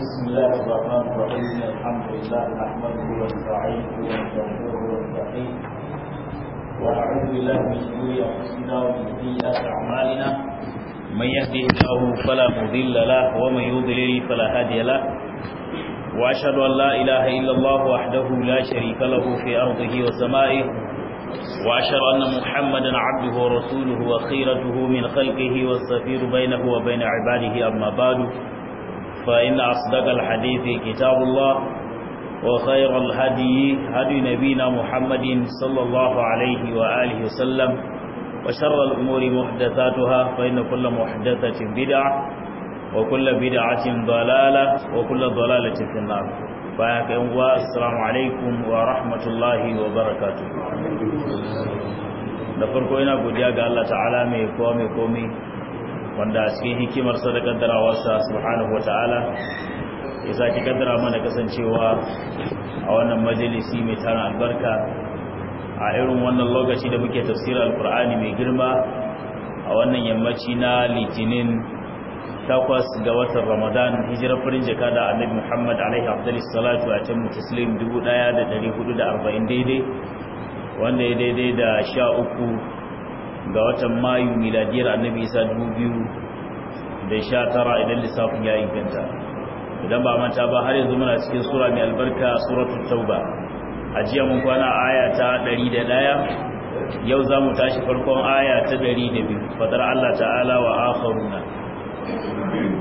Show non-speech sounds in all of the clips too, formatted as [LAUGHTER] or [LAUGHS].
بسم الله الرحمن الرحيم الحمد لله نحمده ونستعينه ونستغفره ونستقيم ونعوذ بالله من شرور انفسنا ومن سيئات اعمالنا من يهده الله فلا مضل له ومن يضلل فلا هادي له واشهد ان لا اله الا الله وحده لا شريك له في ارضه وسمائه وأشهد أن محمدا عبده ورسوله وخيرته من خلقه والسفير بينه وبين عباده أما بعد فإن أصدق الحديث كتاب الله وخير الهدي هدي نبينا محمد صلى الله عليه وآله وسلم وشر الأمور محدثاتها فإن كل محدثة بدعة وكل بدعة ضلالة وكل ضلالة في النار baya ga yan uwa assalamu alaikum wa rahmatullahi wa barakatu da farko yana godiya ga Allah ta'ala mai kowa mai komai wanda cikin hikimar sa da kaddarawarsa subhanahu wa ta'ala ya saki kaddara mana kasancewa a wannan majalisi mai tara albarka a irin wannan lokaci da muke tafsirar alkur'ani mai girma a wannan yammaci na litinin takwas ga watan ramadan hijirar farin jika da annabi muhammad alaihi abdullahi salatu a can mutaslim 1440 daidai wanda ya daidai da sha uku ga watan mayu miladiyar annabi isa 2000 da sha tara idan lissafin ya inganta idan ba manta ba har yanzu muna cikin sura mai albarka suratul tauba a jiya mun kwana aya ta 101 yau za mu tashi farkon aya ta 102 fadar allah ta'ala wa akharuna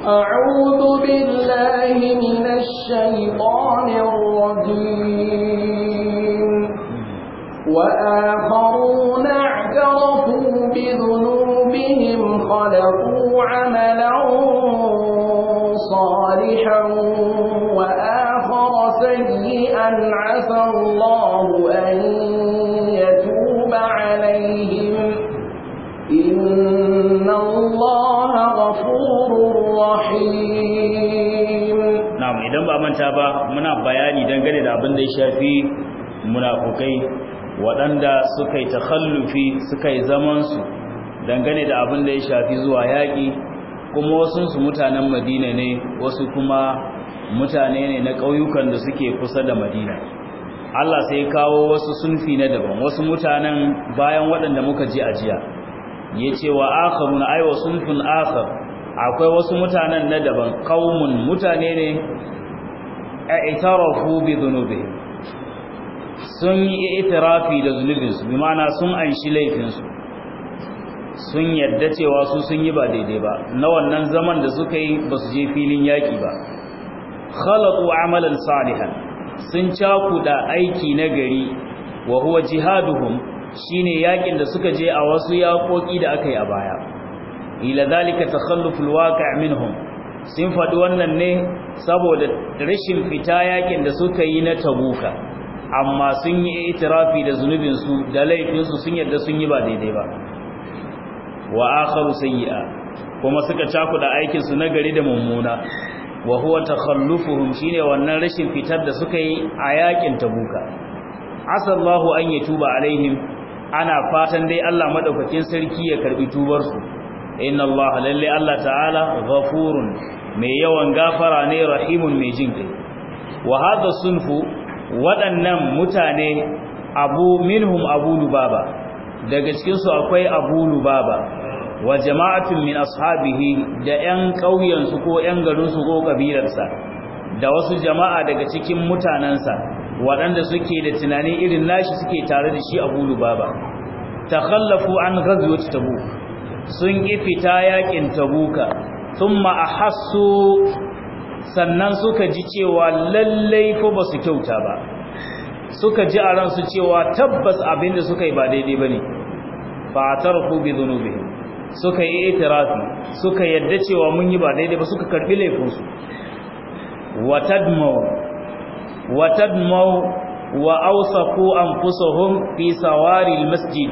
أعوذ بالله من الشيطان الرجيم وآخرون اعترفوا بذنوبهم ba manta ba muna bayani dangane da abin da ya shafi munafukai waɗanda suka yi takhallufi suka yi zamansu dangane da abin da ya shafi zuwa yaƙi kuma wasunsu mutanen madina ne wasu kuma mutane ne na ƙauyukan da suke kusa da madina Allah sai kawo wasu sunfi na daban wasu mutanen bayan waɗanda muka ji ajiya ya ce wa akharun aiwa sunfin 'Akar akwai wasu mutanen na daban kaumun mutane ne اعترفوا بذنوبهم sun yi itirafi da zunubinsu bi ma'ana sun anshi laifinsu sun yadda cewa su sun yi ba daidai ba na wannan zaman da suka yi ba su je filin yaƙi ba khalaqu amalan salihan sun cakuda aiki na gari wa huwa jihaduhum shine yaƙin da suka je a wasu yaƙoƙi da aka yi a baya ila zalika takhalluful waqi' minhum sun faɗi wannan ne saboda rashin fita yakin da suka yi na tabuka amma sun yi itirafi da zunubinsu da laifinsu sun yadda sun yi ba daidai ba wa akharu sayyi'a kuma suka da aikinsu na gari da mummuna wa huwa takhallufuhum shine wannan rashin fitar da suka yi a yakin tabuka asallahu an yatuba alaihim ana fatan dai Allah madaukakin sarki ya karɓi tubarsu inna allaha lalle allah ta'ala ghafurun mai yawan gafara ne rahimun mai jin kai wa hadha sunfu waɗannan mutane abu minhum abu lubaba daga cikin su akwai abu lubaba wa jama'atun min ashabihi da 'yan ƙauyensu su ko 'yan garin su ko kabilar sa da wasu jama'a daga cikin sa, waɗanda suke da tunani irin nashi suke tare da shi abu lubaba takhallafu an ghazwat tabuk sun yi fita yaƙin tabuka sun ma'ahassu sannan suka ji cewa lallai ko ba su kyauta ba suka ji a ransu cewa tabbas abinda suka yi ba daidai ba ne fatar ku bi zunubi suka yi itirafi suka yadda cewa mun yi ba daidai ba suka karɓi laifinsu Wa tadmau wa ausaku an fi sawari masjid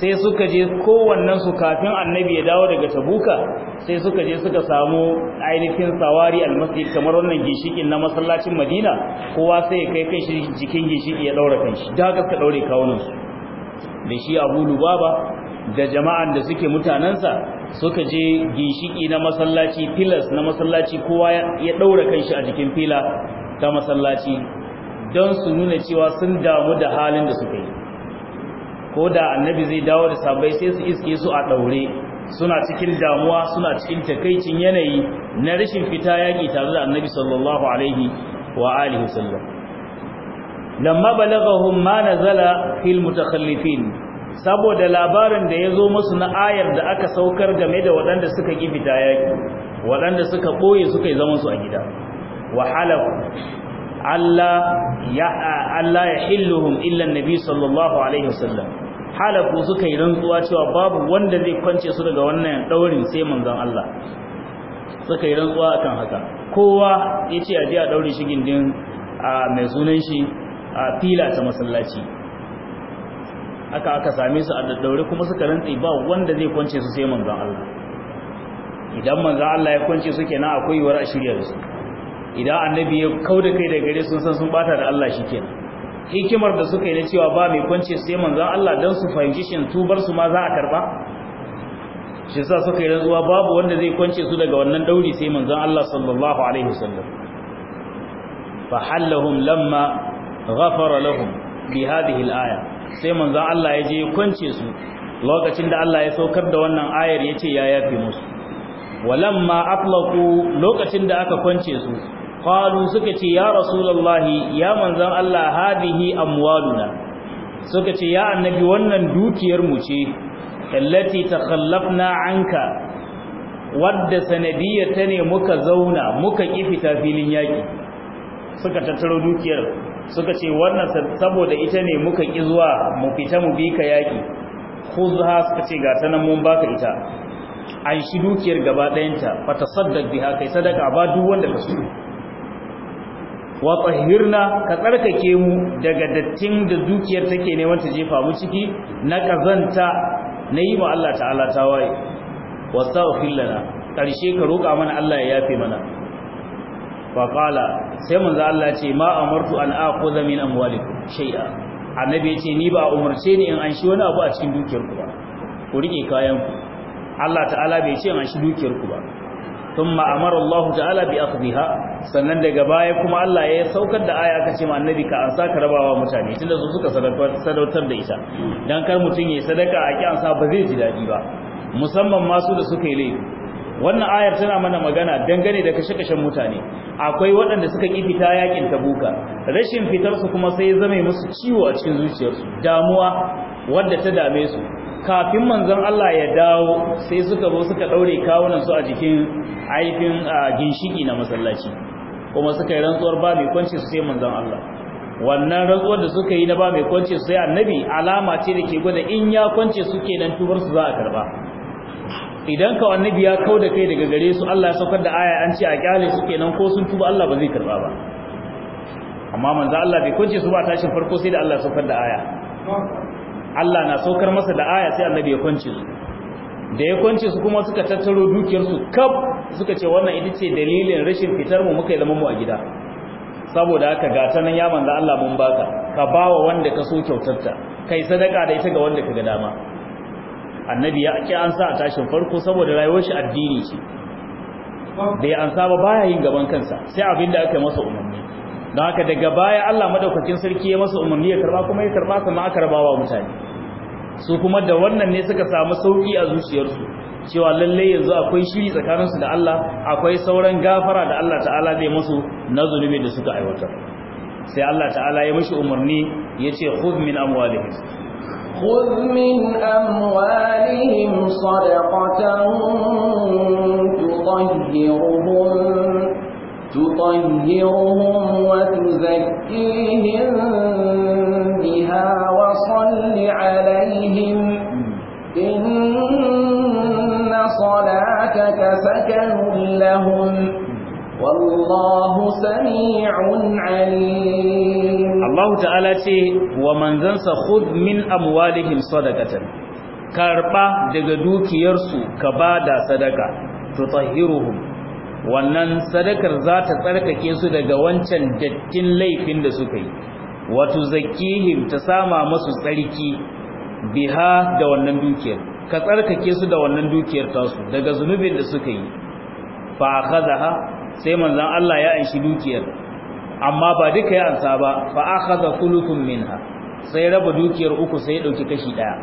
sai suka je kowannen su kafin annabi ya dawo daga tabuka sai suka je suka samu ainihin sawari almasjid kamar wannan gishikin na masallacin madina kowa sai ya kai kanshi jikin ginshiki ya daura kanshi da haka suka daure kawunan da shi abu lubaba da jama'an da suke mutanensa suka je ginshiki na masallaci filas na masallaci kowa ya daura kanshi a jikin fila ta masallaci don su nuna cewa sun damu da halin da suka yi ko da annabi zai dawo da sabai sai su iske su a daure suna cikin damuwa suna cikin takaicin yanayi na rashin fita yaki tare da annabi sallallahu alaihi wa alihi wasallam lamma balagahum ma nazala fil mutakhallifin saboda labarin da yazo musu na ayar da aka saukar game da waɗanda suka ki fita yaki waɗanda suka boye suka yi zaman su a gida wa halafu Allah ya Allah ya hilluhum illa annabi sallallahu alaihi wasallam halaku suka yi rantsuwa cewa babu wanda zai kwance su daga wannan daurin sai manzon Allah suka yi rantsuwa akan haka kowa ya ce a je a daure shi gindin mai sunan shi a fila ta masallaci aka aka same su a daddaure kuma suka rantsi ba wanda zai kwance su sai manzon Allah idan manzon Allah ya kwance su kenan akwai yiwuwar a shirya da su idan annabi ya kauda kai da gare sun san sun bata da Allah shikenan hikimar da suka yi na cewa ba mai kwance sai manzan Allah don su fahimci shin tubar su ma za a karba shi sa suka yi rantsuwa babu wanda zai kwance su daga wannan dauri sai manzan Allah sallallahu alaihi wasallam fa hallahum lamma ghafara lahum bi hadhihi al sai manzan Allah ya je kwance su lokacin da Allah ya saukar da wannan ayar yace ya yafe musu walamma atlaqu lokacin da aka kwance su qalu suka ce ya rasulullahi ya manzon Allah hadihi amwaluna suka ce ya annabi wannan dukiyar mu ce allati takhallafna anka wadda sanadiyar ta ne muka zauna muka kifita filin yaki suka tattaro dukiyar suka ce wannan saboda ita ne muka ki zuwa mu fita mu bi ka yaki khudha suka ce ga sanan mun baka ita an shi dukiyar gaba ɗayanta fata tasaddaq biha kai sadaka ba duk wanda ka so wa tahhirna ka tsarkake mu daga dattin da dukiyar take ne ta jefa mu ciki na kazanta na yi ma Allah ta'ala tawaye wastaghfir lana karshe ka roƙa mana Allah ya yafe mana fa qala sai manzo Allah ce ma amartu an akhudha min amwalikum shay'a annabi ya ce ni ba umarce ni in an shi wani abu a cikin dukiyar ku ba ku rike kayan ku Allah ta'ala bai ce an shi dukiyar ku ba ثم امر الله تعالى باخذها sannan daga baya kuma Allah ya saukar da aya aka ce ma annabi ka an saka rabawa mutane tunda su suka sadautar da ita dan kar mutun yayi sadaka a ki sa ba zai ji dadi ba musamman masu da suka yi laifi wannan ayar tana mana magana dangane da kashe-kashen mutane akwai waɗanda suka ƙi fita yakin tabuka rashin fitar su kuma sai zame musu ciwo a cikin zuciyarsu damuwa wadda ta dame su kafin manzon Allah ya dawo sai suka zo suka daure kawunan su a jikin aifin ginshiki na masallaci kuma suka yi rantsuwar ba mai kwance su sai manzon Allah wannan rantsuwar da suka yi na ba mai kwance su sai annabi alama ce da ke gwada in ya kwance su nan tubar su za a karba idan ka annabi ya kau da kai daga gare su Allah ya saukar da aya an ce a kyale su nan ko sun tuba Allah ba zai karba ba amma manzon Allah bai kwance su ba tashin farko sai da Allah ya saukar da aya Allah na saukar masa da aya sai annabi ya kwance su da ya kwance su kuma suka tattaro dukiyarsu kaf suka ce wannan ita ce dalilin rashin fitar mu muka yi zaman mu a gida saboda haka ga ta nan ya manzo Allah mun baka ka bawa wanda ka so kyautarta kai sadaka da ita ga wanda ka ga dama annabi ya ki an sa a tashin farko saboda rayuwar shi addini ce da ya ansa ba baya yin gaban kansa sai abin da aka masa umarni don haka daga baya Allah madaukakin sarki ya masa umarni ya karba kuma ya karba sannan aka rabawa mutane su kuma da wannan ne suka samu sauki a zuciyarsu cewa lallai yanzu akwai shiri tsakaninsu da Allah akwai sauran gafara da Allah ta'ala zai musu na zunubi da suka aiwatar sai Allah ta'ala ya mishi umarni ya ce khudh min amwalihim khudh min amwalihim sadaqatan عليهم إن صلاتك سكن لهم والله سميع عليم الله تعالى ce wa manzansa khudh min amwalihim sadaqatan karba daga dukiyarsu ka bada sadaka tutahhiruhum wannan sadakar za ta tsarkake su daga wancan dattin laifin da suka yi wa tuzakkihim ta sama masu tsarki biha da wannan dukiyar ka tsarkake su da wannan dukiyar tasu daga zunubin da suka yi fa akhadha sai manzon Allah ya anshi dukiyar amma ba duka ya ansa ba fa akhadha thuluthun minha sai raba dukiyar uku sai ya dauki kashi daya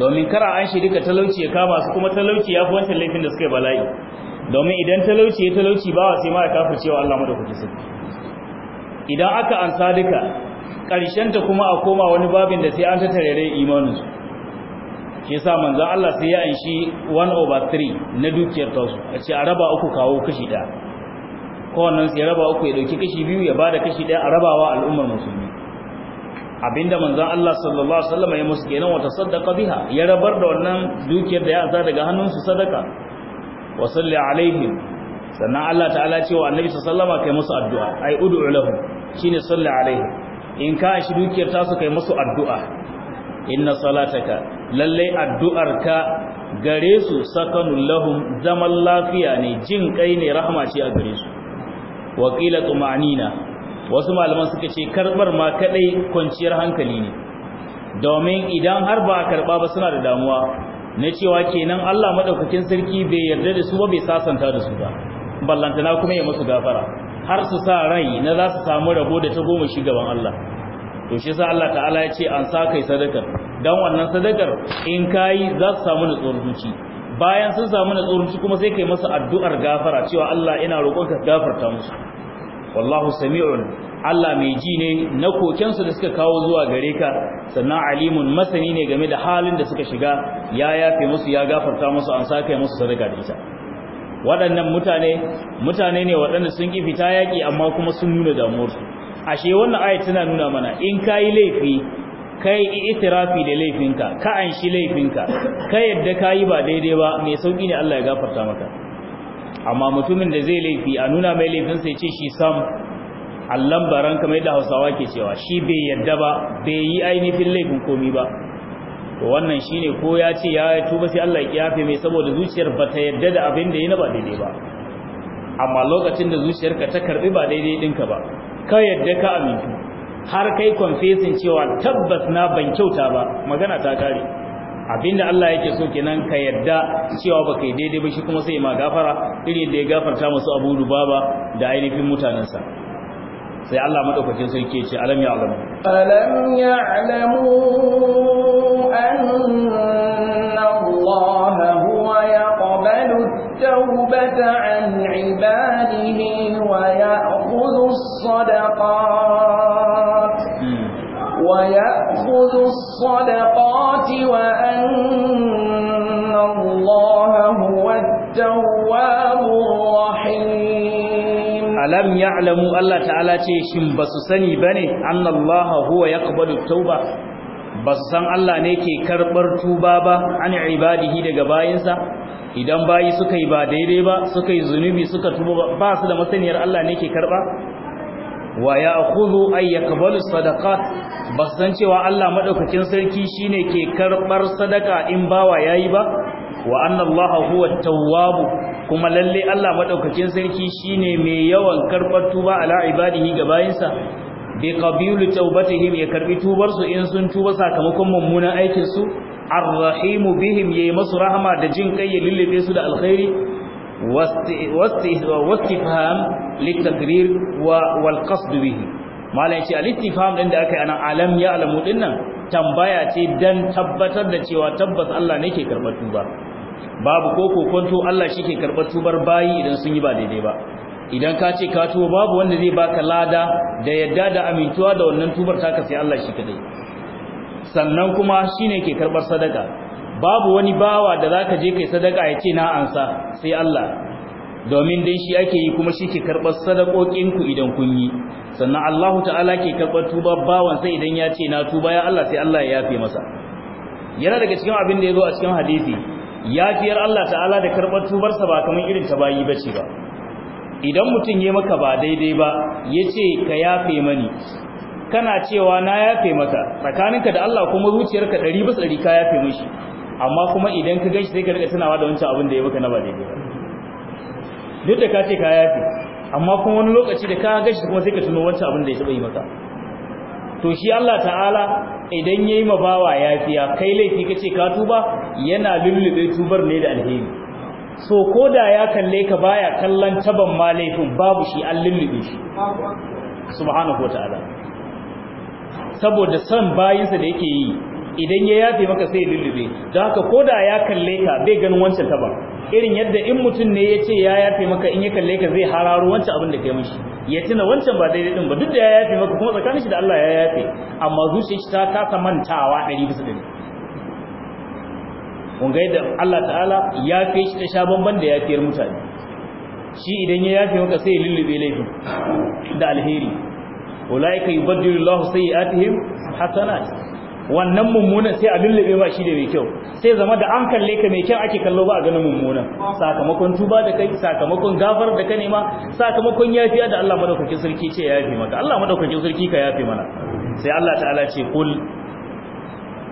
domin kara an shi duka talauci ya kama su kuma talauci ya fi wancan laifin da suka yi bala'i domin idan talauci ya talauci ba wa sai ma ya kafa cewa Allah madaukakin sarki idan aka ansa duka ta kuma a koma wani babin da sai an ta tarere imaninsu shi sa manzan Allah sai ya anshi 1 over 3 na dukiyar tausu, a ce a raba uku kawo kashi ɗaya kowannan sai raba uku ya ɗauki kashi biyu ya ba da kashi ɗaya a rabawa al'ummar musulmi abinda manzan Allah sallallahu Alaihi wasallam ya musu kenan wata sadaka biha ya rabar da wannan dukiyar da ya asa daga hannunsu sadaka wa salli alaihim sannan Allah ta'ala cewa annabi annabi sallama kai musu addu'a ai ud'u lahu shine salli alaihi in ka shi dukiyar ta su kai musu addu'a inna salataka lalle ka? gare su sakanu lahum zaman lafiya ne jin kai ne rahama ce a gare su wa qila tumanina wasu malaman suka ce karbar ma kadai kwanciyar hankali ne domin idan har ba karba ba suna da damuwa na cewa kenan Allah madaukakin sarki bai yarda da su ba bai sasanta da su ba ballantana kuma ya musu gafara har su sa rai na za su samu rabo da ta goma shi gaban Allah to shi sa Allah ta'ala ya ce an sa kai sadakar dan wannan sadakar in kai za su samu nutsuwar zuci bayan sun samu nutsuwar zuci kuma sai kai masa addu'ar gafara cewa Allah ina roƙonka gafarta musu wallahu sami'un Allah mai ji ne na kokensu da suka kawo zuwa gare ka sannan alimun masani ne game da halin da suka shiga ya yafe musu ya gafarta musu an sa kai musu sadaka da ita waɗannan mutane mutane ne waɗanda sun ƙi fita yaƙi amma kuma sun nuna damuwarsu ashe wannan ayat tana nuna mana in ka yi laifi kai yi itirafi da laifinka ka an shi laifinka ka yadda ka yi ba daidai ba mai sauƙi ne Allah ya gafarta maka amma mutumin da zai laifi a nuna mai laifinsa ya ce shi sam allan baran kamar da hausawa ke cewa shi bai yadda ba bai yi ainihin laifin komi ba to wannan shine ko ya ce ya tuba sai Allah ya kiyafe mai saboda zuciyar ba ta yadda da abin da ya ba daidai ba amma lokacin da zuciyarka ta karbi ba daidai dinka ba ka yadda ka amintu har kai confession cewa tabbas na ban kyauta ba magana ta kare abinda Allah yake so kenan ka yadda cewa ba kai daidai ba shi kuma sai ma gafara iri da ya gafarta musu Abu baba da ainihin mutanansa sai Allah madaukakin sarki ya ce alam ya alamu ألم يعلموا أن الله هو يقبل التوبة عن عباده ويأخذ الصدقات ويأخذ الصدقات وأن الله هو التواب الرحيم alam ya'lamu Allah ta'ala ce shin basu sani bane annallaha huwa yaqbalu tauba su san Allah ne ke karbar tuba ba an ibadihi daga bayinsa idan bayi suka yi ba daidai ba suka yi zunubi suka tuba ba su da masaniyar Allah ne ke karba wa ya'khudhu ay yaqbalu sadaqat su san cewa Allah madaukakin sarki shine ke karbar sadaka in bawa yayi ba wa annallaha huwa tawwab kuma lalle Allah madaukakin sarki shine mai yawan karbar tuba ala ibadihi ga bayinsa bi qabilu taubatihim ya karbi tubar su in sun tuba sakamakon mummunan aikin su arrahimu bihim yayi masu rahama da jin kai ya lullube su da alkhairi faham litakrir wal qasd bihi malai ce al din da aka yi anan alam ya alamu dinnan tambaya ce dan tabbatar da cewa tabbas Allah ne ke karbar tuba babu ko kokonto Allah shi ke karɓar tubar bayi idan sun yi ba daidai ba idan ka ce ka tuba babu wanda zai baka lada da yadda da amintuwa da wannan tubar taka sai Allah shi kadai sannan kuma shi ne ke karɓar sadaka babu wani bawa da za ka je kai sadaka ya ce na ansa sai Allah domin dai shi ake yi kuma shi ke karɓar sadakokinku idan kun yi sannan Allah ta'ala ke karɓar tubar bawan sai idan ya ce na tuba ya Allah sai Allah ya yafe masa yana daga cikin abin da ya zo a cikin hadisi yafiyar Allah ta'ala da karɓar tubarsa ba kamar irin ta bayi ce ba idan mutum ya maka ba daidai ba ya ce ka yafe mani kana cewa na yafe maka tsakaninka da Allah kuma zuciyarka ɗari bisa ɗari ka yafe mashi amma kuma idan ka gaishe sai ka rika tunawa da wancan abin da ya maka na ba daidai ba duk da ka ce ka yafe amma kuma wani lokaci da ka gaishe kuma sai ka tuno wancan abin da ya taɓa yi maka to shi Allah ta'ala idan yayi ma bawa yafiya kai laifi kace ka tuba yana lullube tubar ne da alheri so koda ya kalle ka baya kallon taban malaifin babu shi an lullube shi subhanahu wataala saboda son bayinsa da yake yi idan ya yafe maka sai lullube don haka koda ya kalle ka bai ganin wancan taban irin yadda in mutum ne ya ce ya yafe maka in ya kalle ka zai hararo wancan abin da kai mishi ya tuna wancan ba daidai din ba duk da ya yafe maka kuma tsakanin shi da Allah ya yafe amma zuciyar shi ta kasa mantawa 100% kun ga yadda Allah ta'ala ya fe shi ta sha bamban da yafiyar mutane shi idan ya yafe maka sai ya lullube laifin da alheri ulaika yubaddilu Allahu sayyi'atihim hasanat wannan mummunan sai a lullube ba shi da mai kyau sai zama da an kalle ka mai kyau ake kallo ba a ganin mummunan sakamakon tuba da kai sakamakon gafar da ka nema sakamakon yafiya da Allah madaukakin sarki ce ya yafi maka Allah madaukakin sarki ka yafi mana sai Allah ta'ala ce kul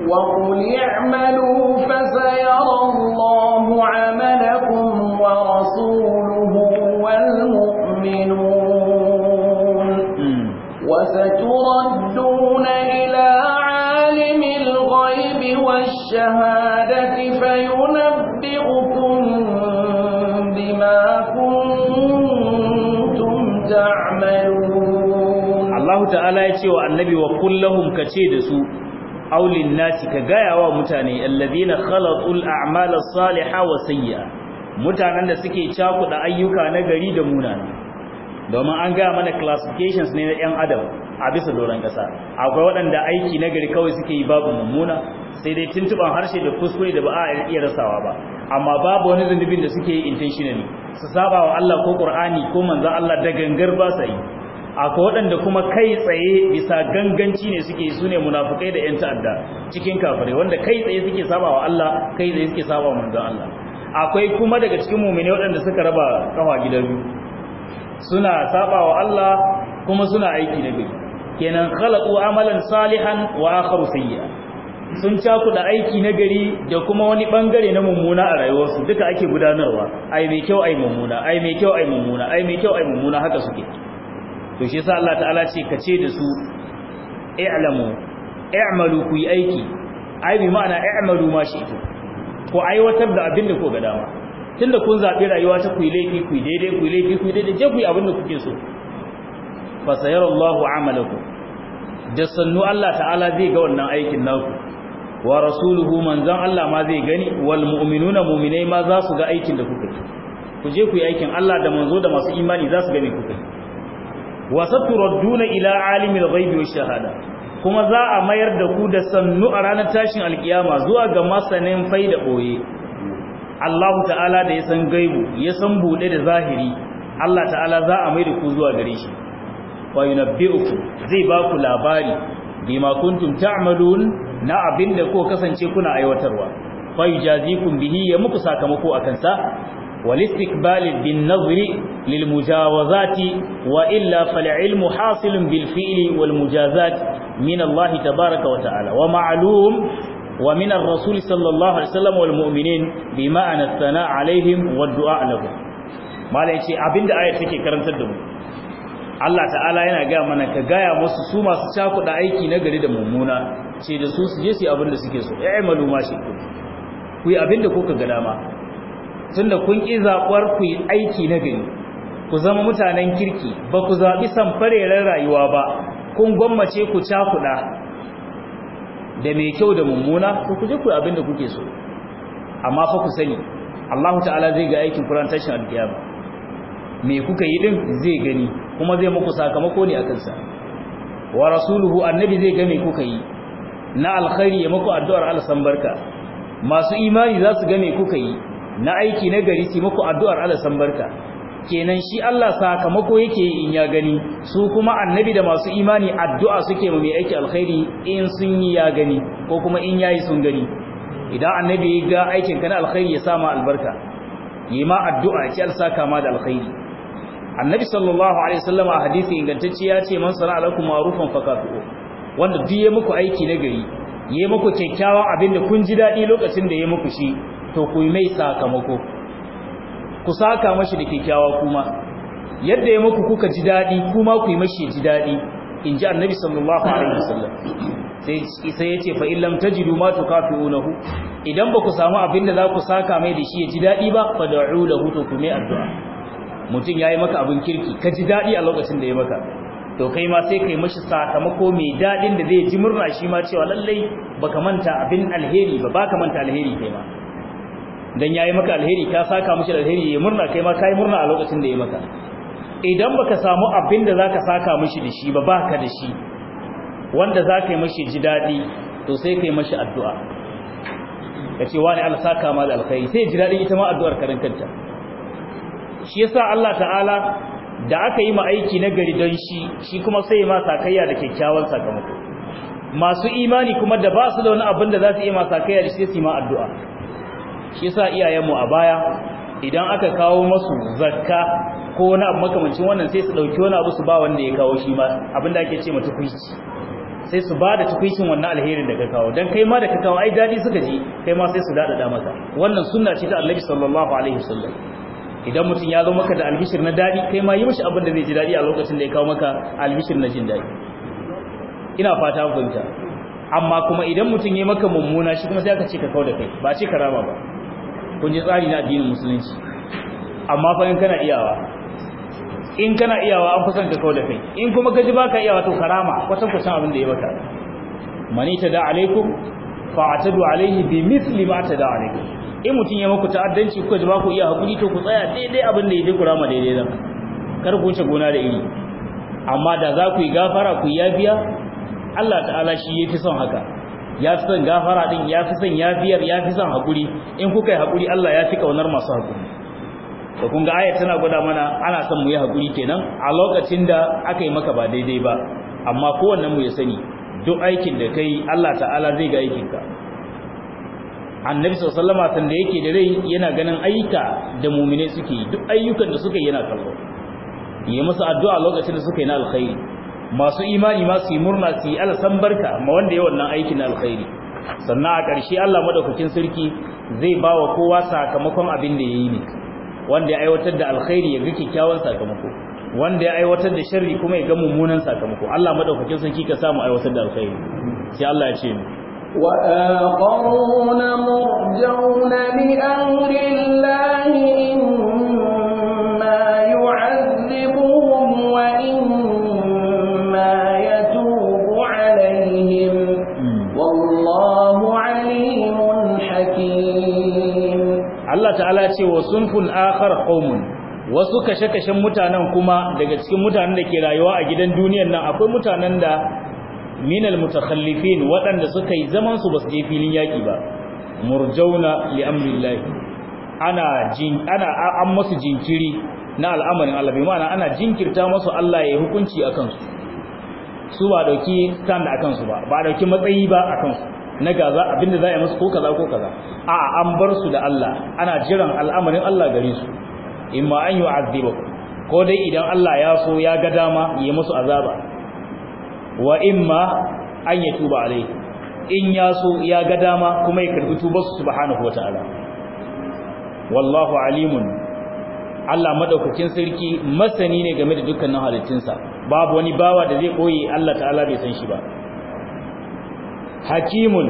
wa qul i'malu fa sayara Allahu 'amalakum wa rasuluhu wal mu'minun hmm. wa saturaduna الشهادة فينبئكم بما كنتم تعملون الله تعالى يتيوى النبي وقل لهم كتيدسوا أو للناس كقايا ومتاني الذين خلطوا الأعمال الصالحة وسيئة mutanen da suke cakuɗa ayyuka na gari da munana domin an ga mana classifications ne na 'yan adam a bisa doron ƙasa akwai waɗanda aiki na gari kawai suke yi babu mummuna sai dai tuntuban harshe da kuskure da ba a iya rasawa ba amma babu wani zunubin da suke yi intentionally su saba wa Allah ko ƙur'ani ko manzo Allah da gangar ba sa yi akwai waɗanda kuma kai tsaye bisa ganganci ne suke yi sune munafukai da yan ta'adda cikin kafirai wanda kai tsaye suke saba wa Allah kai tsaye suke saba wa manzo Allah akwai kuma daga cikin mu'mini waɗanda suka raba kafa gidan biyu suna saba wa Allah kuma suna aiki na biyu kenan khalaqu amalan salihan wa akharu sayyi'a sun da aiki na gari da kuma wani bangare na mummuna a rayuwarsu duka ake gudanarwa ai mai kyau ai mummuna ai mai kyau ai mummuna ai mai kyau ai mummuna haka suke to shi yasa Allah ta'ala ce ka ce da su i'lamu i'malu ku yi aiki ai bi ma'ana i'malu ma shi ito ko aiwatar da abin da ko ga dama tunda kun zabi rayuwa ta ku yi laifi ku yi daidai ku yi laifi ku yi daidai je ku yi abin da kuke so fa sayarallahu amalaku da sannu Allah ta'ala zai ga wannan aikin naku wa rasuluhu manzan Allah ma zai gani wal mu'minuna mu'minai ma za su ga aikin da kuka ku je ku yi aikin Allah da manzo da masu imani za su gani kuka wa saturadduna ila alimil ghaibi wash shahada kuma za a mayar da ku da sannu a ranar tashin alkiyama zuwa ga masanin faida boye Allah ta'ala da ya san gaibu ya san bude da zahiri Allah ta'ala za a mai da ku zuwa gare shi wa yunabbi'ukum zai ba ku labari bima kuntum ta'malun na abinda ko kasance kuna aiwatarwa fa yujazikum bihi ya muku sakamako akan sa wal istiqbal bin nazri lil mujawazati wa illa fal ilmu hasilun bilfili fi'li wal mujazat min Allah wa ta'ala wa ma'lum wa min ar-rasul sallallahu alaihi wasallam wal mu'minin bima'ana as-sana' alaihim wa du'a lahum malai ce abinda ayat take karantar da mu Allah ta'ala yana gaya mana ka gaya musu su masu cakuɗa aiki na gari da mummuna ce da su su je su abin da suke so ya yi maluma shi ku ku yi abin da kuka ga dama tun da kun ƙi zaɓar ku yi aiki na gari ku zama mutanen kirki ba ku zaɓi samfareren rayuwa ba kun gwammace ku cakuɗa da mai kyau da mummuna ku je ku yi abin da kuke so amma fa ku sani Allah ta'ala zai ga aikin kurantashin tashin alkiyama me kuka yi din zai gani kuma zai muku sakamako ne akan sa wa rasuluhu annabi zai ga ku kuka yi na alkhairi ya muku addu'ar alasan barka masu imani za su ga ku kuka na aiki na gari su muku addu'ar alasan barka kenan shi Allah sakamako yake in ya gani su kuma annabi da masu imani addu'a suke mu mai aiki alkhairi in sun yi ya gani ko kuma in yayi sun gani idan annabi ya ga aikin ka na alkhairi ya sa ma albarka yi ma addu'a ya ci ma da alkhairi annabi sallallahu alaihi wasallam a hadisi ingantacce ya ce man sana alaikum ma'rufan fakafu wanda duk ya muku aiki na gari ya muku kyakkyawan abin da kun ji dadi lokacin da ya muku shi to ku yi mai sakamako ku saka mashi da kyakkyawa kuma yadda ya muku kuka ji dadi kuma ku yi mashi ji dadi inji annabi sallallahu alaihi wasallam sai ya ce fa illam tajidu ma tukafi'unahu idan ba ku samu abin da za ku saka mai da shi ya ji dadi ba fa da'u lahu to ku mai addu'a mutum ya yi maka abin kirki ka ji daɗi a lokacin da ya maka to kai ma sai kai mashi sakamako mai daɗin da zai ji murna shi ma cewa lallai baka manta abin alheri ba baka manta alheri kai ma dan yayi maka alheri ka saka mashi alheri ya murna kai ma kai murna a lokacin da ya maka idan baka samu abin da zaka saka mashi da shi ba baka da shi wanda zaka yi mashi ji daɗi to sai kai mashi addu'a kace wani Allah saka ma da alkhairi sai ji daɗin ita ma addu'ar karin kanta shi yasa Allah ta'ala da aka yi ma aiki na gari don shi shi kuma sai ma sakayya da kyakkyawan sakamako masu imani kuma da ba su da wani abin da za su yi ma sakayya da shi su ma addu'a shi yasa iyayenmu a baya idan aka kawo masu zakka ko wani abu makamancin wannan sai su dauki wani abu su ba wanda ya kawo shi ma abin da ake ce mata kuici sai su ba da tukuicin wannan alherin da ka kawo don kai ma da ka kawo ai daɗi suka ji kai ma sai su daɗaɗa maka wannan sunna ce ta Allah sallallahu alaihi wasallam idan mutum ya zo maka da albishir na daɗi kai ma yi mashi abin da zai ji daɗi a lokacin da ya kawo maka albishir na jin daɗi ina fata kunta amma kuma idan mutum ya maka mummuna shi kuma sai aka ce ka kawo da kai ba ce karama ba kun ji tsari na addinin musulunci amma fa in kana iyawa in kana iyawa an kusan ka kawo da kai in kuma ka ji baka iyawa to karama kwatan kusan abin da ya maka mani ta da alaikum fa alaihi bi mithli ma ta alaikum in mutum ya maku ta'addanci kuka ji ba ku iya hakuri to ku tsaya daidai abin da ya ji kurama daidai nan kar ku wuce gona da iri amma da za ku yi gafara ku yafiya Allah ta'ala shi yafi son haka ya fi son gafara din ya fi son yafiyar ya fi son hakuri in kuka yi hakuri Allah ya fi kaunar masu hakuri to kun ga ayat tana gwada mana ana son mu yi hakuri kenan a lokacin da aka yi maka ba daidai ba amma kowannen mu ya sani duk aikin da kai Allah ta'ala zai ga aikinka annabi sallama sanda yake da rai yana ganin ayyuka da mumine suke yi duk ayyukan da suka yi yana kallo yi musu addu'a lokacin da suka yi na alkhairi masu imani ma su yi murna su yi alasan barka ma wanda ya wannan aikin na alkhairi sannan a ƙarshe Allah madaukakin sarki zai ba wa kowa sakamakon abin da ya yi ne wanda ya aiwatar da alkhairi ya ga kyakkyawan sakamako wanda ya aiwatar da sharri kuma ya ga mummunan sakamako Allah madaukakin sarki ka samu aiwatar da alkhairi sai Allah ya ce mu وآخرون مرجون لأمر الله إما يعذبهم وإما يتوب عليهم والله عليم حكيم الله تعالى وصنف آخر قوم wasu kashe-kashen mutanen kuma daga cikin mutanen da ke rayuwa a gidan duniyar nan akwai mutanen da minal mutakhallifin waɗanda suka yi zaman su basu je filin yaki ba murjauna li amrillahi ana jin ana an musu jinkiri na al'amarin Allah bai ma'ana ana jinkirta musu Allah ya hukunci akan su su ba dauki stand akan su ba ba dauki matsayi ba akan su na gaza abinda za a yi musu ko kaza ko kaza a an bar su da Allah ana jiran al'amarin Allah gare su imma an yu'azzibu ko dai idan Allah ya so ya ga dama ya musu azaba wa imma an ya tuba alai in ya so ya ga dama kuma ya karbi tubar su subhanahu wataala wallahu alimun Allah madaukakin sarki masani ne game da dukkanin halittunsa babu wani bawa da zai koyi Allah ta'ala bai san shi ba hakimun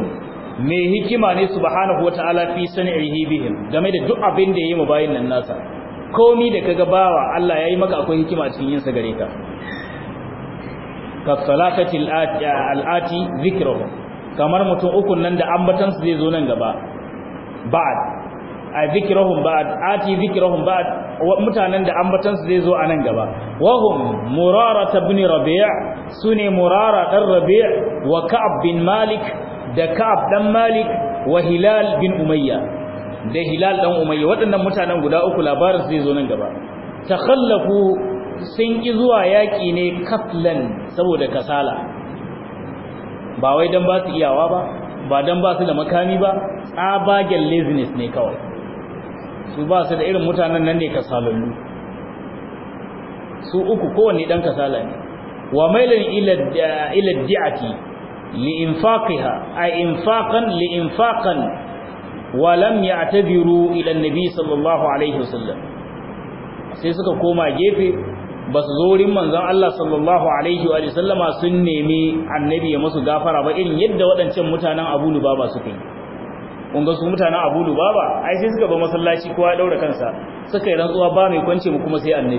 mai hikima ne subhanahu wataala fi san'ihi bihim game da duk abin da yayi mabayin nan nasa komi da kaga bawa Allah yayi maka akwai hikima cikin yin sa gare ka kasalakati al'ati zikrahu kamar mutum ukun nan da ambatansu zai zo nan gaba ba'ad a zikrahum ba'ad ati zikrahum ba'ad mutanen da ambatansu zai zo a nan gaba Murara ta bini ibn su ne murara ɗan rabi' wa ka'ab bin malik da ka'ab ɗan malik wa hilal bin umayya da hilal ɗan umayya waɗannan mutanen guda uku labarin zai zo nan gaba takhallafu sun ƙi zuwa yaƙi ne kaflan saboda kasala ba wai don ba su iyawa ba ba don ba su da makami ba tsabagen laziness ne kawai su ba su da irin mutanen nan ne kasalallu su uku kowanne ɗan kasala ne wa mailan ila di'ati li infaqiha ay infaqan li infaqan wa lam ya'tadiru ila an-nabi sallallahu alaihi wasallam sai suka koma gefe ba su zo wurin manzon Allah sallallahu alaihi wa sallama sun nemi annabi ya musu gafara ba irin yadda waɗancan mutanen Abu Lubaba suka yi kun ga su mutanen Abu Lubaba ai sai suka ba masallaci kowa daura kansa suka yi rantsuwa ba mai kwance mu kuma sai annabi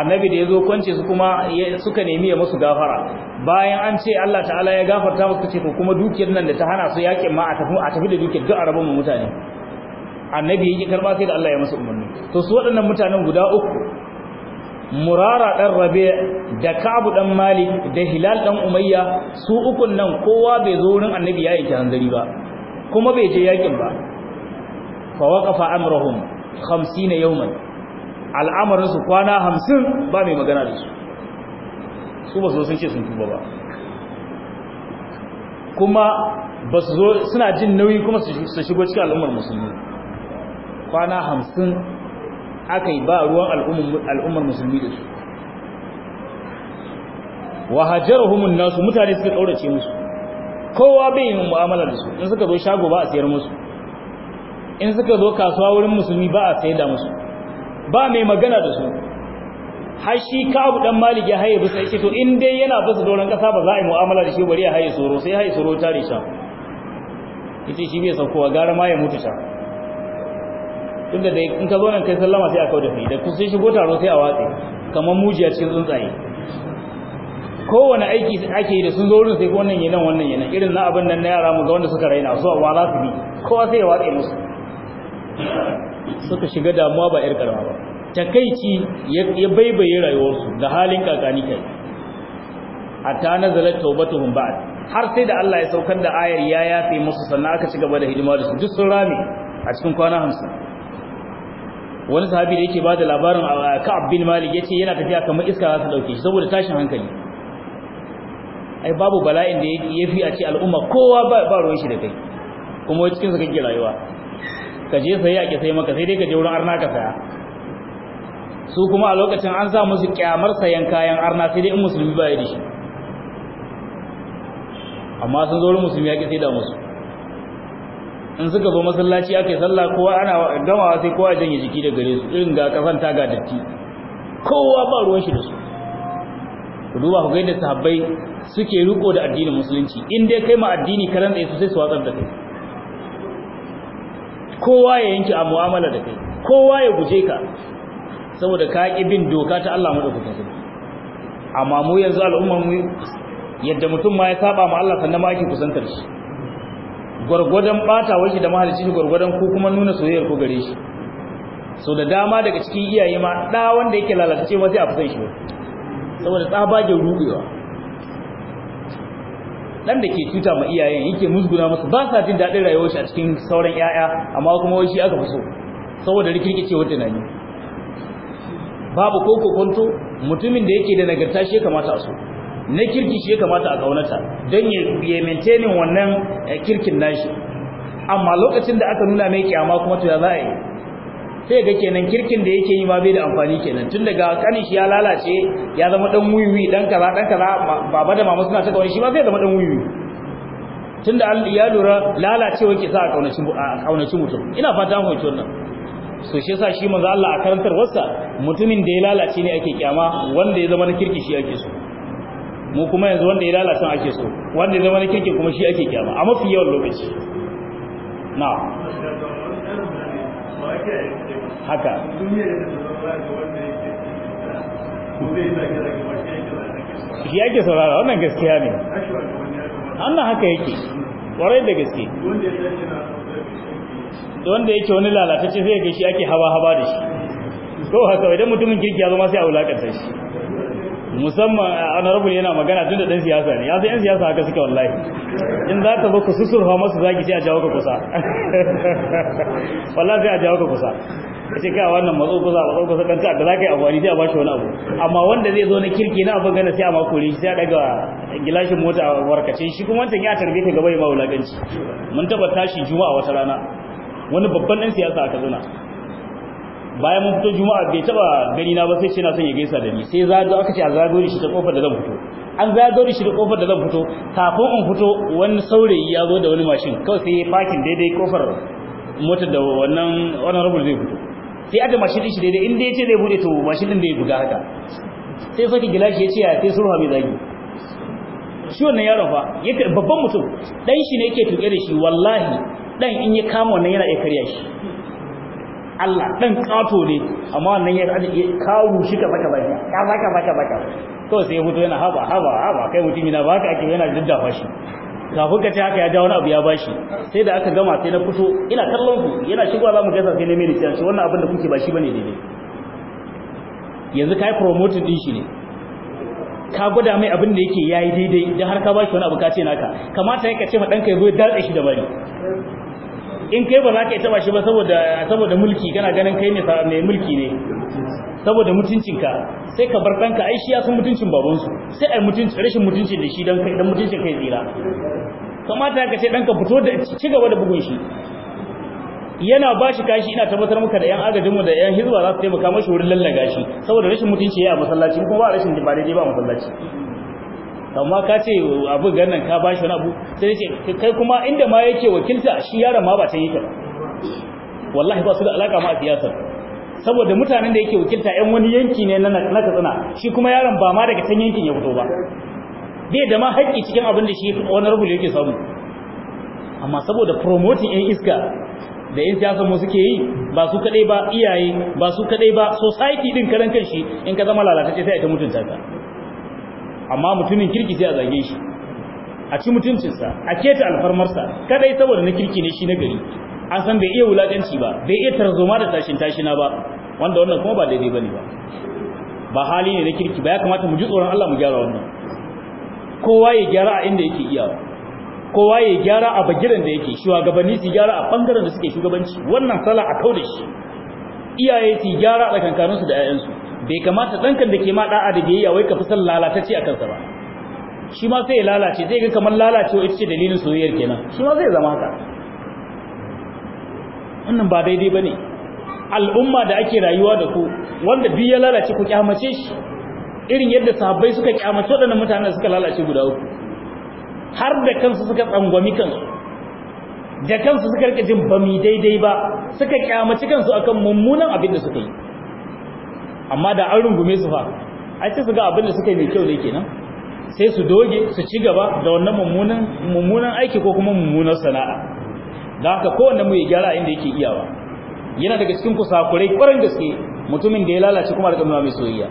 annabi da ya zo kwance su kuma suka nemi ya musu gafara bayan an ce Allah ta'ala ya gafarta musu ce to kuma dukiyar nan da ta hana su yakin ma a tafi a tafi da dukiyar duk araban mu mutane annabi yake karba sai da Allah ya masa umarni to su waɗannan mutanen guda uku murara ɗan rabe da kabu ɗan malik da hilal ɗan umayya su ukun nan kowa bai zo wurin annabi ya ta hanzari ba kuma bai je yakin ba fa waqafa amrahum 50 yawman al'amarin su kwana 50 ba mai magana da su su ba su sun ce sun tuba ba kuma ba su zo suna jin nauyi kuma su shigo cikin al'ummar musulmi kwana 50 aka yi ba ruwan al'ummar musulmi da su wa hajjarhumun nasu mutane suka ɗaurace musu kowa bai yi mu'amala da su in suka zo shago ba a sayar musu in suka zo kasuwa wurin musulmi ba a sayar da musu ba mai magana da su har shi kabu dan maliki ya haye bisa ce to in dai yana bisa doron kasa ba za a yi mu'amala da shi bari ya haye tsoro sai haye tsoro ta sha Ita shi bai saukowa gara ma ya mutu sha tunda da in ka zo nan kai sallama sai a kawo da kai da kun sai shigo taro sai a watse kamar mujiya cikin tsuntsaye kowane aiki ake yi da sun zo wurin sai wannan nan, wannan yanan irin na abin nan na yara mu ga wanda suka raina su wa za su bi kowa sai ya watse musu suka shiga damuwa ba yar karama ba takaici ya baibaye rayuwarsu da halin kakani kai hatta nazalat tawbatuhum ba'd har sai da Allah ya saukar da ayar ya yafe musu sannan aka ci gaba da hidima da su duk sun rame a cikin kwana 50 wani sahabi da yake bada labarin Ka'ab bin Malik ce yana tafiya kamar iska za ta dauke shi saboda tashin hankali ai babu bala'in da ya yafi a ce al'umma kowa ba ruwan shi da kai kuma cikin sa kake rayuwa ka je sai yake sai maka sai dai ka je wurin arna ka saya su kuma a lokacin an sa musu kyamar sayan kayan arna sai dai in musulmi ba ya da shi amma sun zo musulmi ya ke sai da musu in suka zo masallaci ake sallah kowa ana gamawa sai kowa janye jiki da gare su irin ga ta ga datti kowa ba ruwan shi da su ku duba ku ga yadda sahabbai suke riko da addinin musulunci in dai kai ma addini karan tsaye sai su watsar da kai kowa ya yanke a mu'amala da kai kowa ya guje ka saboda ka ki bin doka ta Allah madaukakin sarki amma mu yanzu al'umma mu yadda mutum ma ya saba ma Allah sannan ma ake kusantar shi gwargwadon bata wake da mahalicci shi gwargwadon ko kuma nuna soyayyar ku gare shi so da dama daga cikin iyaye ma da wanda yake lalatacce ma sai a fusa shi saboda bage rubewa dan da ke tuta ma iyayen yake musguna musu ba sa jin daɗin rayuwar shi a cikin sauran 'ya'ya amma kuma wai shi aka fi so saboda rikirkicewar tunani babu ko kokonto mutumin da yake da nagarta shi kamata a so na kirki shi ya kamata a kaunata don ya maintaining wannan eh, kirkin nashi amma lokacin da aka nuna mai kyama kuma to ya za a yi sai ga kenan kirkin da yake yi ma bai da amfani kenan tun daga kanin shi ya lalace ya zama dan wiwi dan kaza dan kaza baba da mama suna ta kawai shi ma zai zama dan wiwi tun da ya lura lalacewa ke sa a kaunaci mutum ina fata mu wannan so shi yasa shi manzo Allah a karantar wasa mutumin da ya lalace ne ake kyama wanda ya zama na kirki shi ake so mu kuma yanzu wanda ya lalata ake so wanda ya zama na kuma shi ake kyama a mafi yawan lokaci na haka shi ake saurara wannan gaskiya ne annan haka yake warai da gaske wanda yake wani lalatacce zai ga shi ake haba-haba da shi ko haka idan mutumin kirki ya zama sai a wulakanta shi musamman honorable yana magana tun da ɗan siyasa ne ya zai yan siyasa haka suke wallahi in za ta zo ku susurfa masu zagi sai a jawo ka kusa [LAUGHS] wallahi sai a jawo ka kusa ka ce kai wannan matso kusa matso kusa kan ka da ka yi amfani sai a bashi wani abu amma wanda zai zo na kirki na abin gana sai a mako shi sai a daga gilashin mota a warkace shi kuma wancan ya tarbe ka gaba ya ma wulakanci mun taba tashi juma'a wata rana wani babban ɗan siyasa aka zuna bayan mun fito juma'a bai taba gani na ba sai ce na son ya gaisa da ni sai zago aka ce a zago shi ta kofar da zan fito an zago shi da kofar da zan fito kafin in fito wani saurayi ya zo da wani mashin kawai sai parking daidai kofar motar da wannan wannan rabul zai fito sai ada mashin din shi daidai inda yace zai bude to mashin din da ya buga haka sai saki gilashi yace ya sai surha mai zagi shi wannan yaron fa yake babban mutum dan shi ne yake tuke da shi wallahi dan in ya kama wannan yana iya karya shi Allah ɗan ƙato ne amma wannan ya kawo shi ka baka baki ka baka baka baka to sai ya yana haba haba haba kai mutumi na baka ake yana daddafa shi kafin ka ce haka ya ja wani abu ya bashi sai da aka gama sai na fito ina kallon ku yana shigowa mu gaisa sai na mai nisiya shi wannan abin da kuke ba shi bane daidai yanzu kai promoting din shi ne ka gwada mai abin da yake yayi daidai da har ka bashi wani abu ka ce naka kamata yake ce ma danka yazo ya dalce shi da bari in kai ba za ka taba shi ba saboda mulki kana ganin kai ne mai mulki ne saboda mutuncinka sai ka bar ɗanka ai shi ya san mutuncin babansu sai ai mutunci rashin mutunci da shi don mutuncin kai tsira kamata ka ce ɗanka fito da ci gaba da bugun shi yana ba shi kashi ina tabbatar maka da yan agajin mu da yan hizba za su taimaka mashi wurin lallaga shi saboda rashin mutunci ya a masallaci kuma ba rashin ba dai ba masallaci amma ka ce abu gannan ka bashi wani abu sai ce kai kuma inda ma yake wakilta shi yaron ma ba can yake ba wallahi ba su da alaka ma a siyasar saboda mutanen da yake wakilta yan wani yanki ne na katsina shi kuma yaron ba ma daga can yankin ya fito ba bai da ma haƙƙi cikin abin da shi wani rubul yake samu amma saboda promoting yan iska da yan siyasar mu suke yi ba su kadai ba iyaye ba su kadai ba society din karan shi, in ka zama lalatacce sai ta mutunta ka amma mutumin kirki sai a zage shi a ci mutuncinsa a keta alfarmarsa kadai saboda na kirki ne shi na gari an san bai iya wulaƙanci ba bai iya tarzoma da tashin tashina ba wanda wannan kuma ba daidai bane ba ba hali ne na kirki ba ya kamata mu ji tsoron Allah mu gyara wannan kowa ya gyara a inda yake iya, kowa ya gyara a bagiran da yake shugabanni su gyara a bangaren da suke shugabanci wannan sala a kauda shi iyaye su gyara a tsakankaninsu da 'ya'yansu bai kamata dankan da ke ma da'a da biyayya wai ka fi son lalatacce a kansa ba shi ma sai ya lalace zai ga kamar lalacewa ita ce dalilin soyayyar kenan shi ma zai zama haka wannan ba daidai bane al'umma da ake rayuwa da ku wanda duk ya lalace ku kyamace shi irin yadda sahabbai suka kyamace waɗannan mutanen suka lalace guda uku har da kansu suka tsangwami kansu da kansu suka rike jin ba mi daidai ba suka kyamaci kansu akan mummunan abin da suka yi amma da an rungume su fa ai sai su ga abin da suka yi mai kyau ne kenan sai su doge su ci gaba da wannan mummunan mummunan aiki ko kuma mummunar sana'a da haka kowanne mu ya gyara inda yake iyawa yana daga cikin kusakurai kwarin gaske mutumin da ya lalace kuma da nuna mai soyayya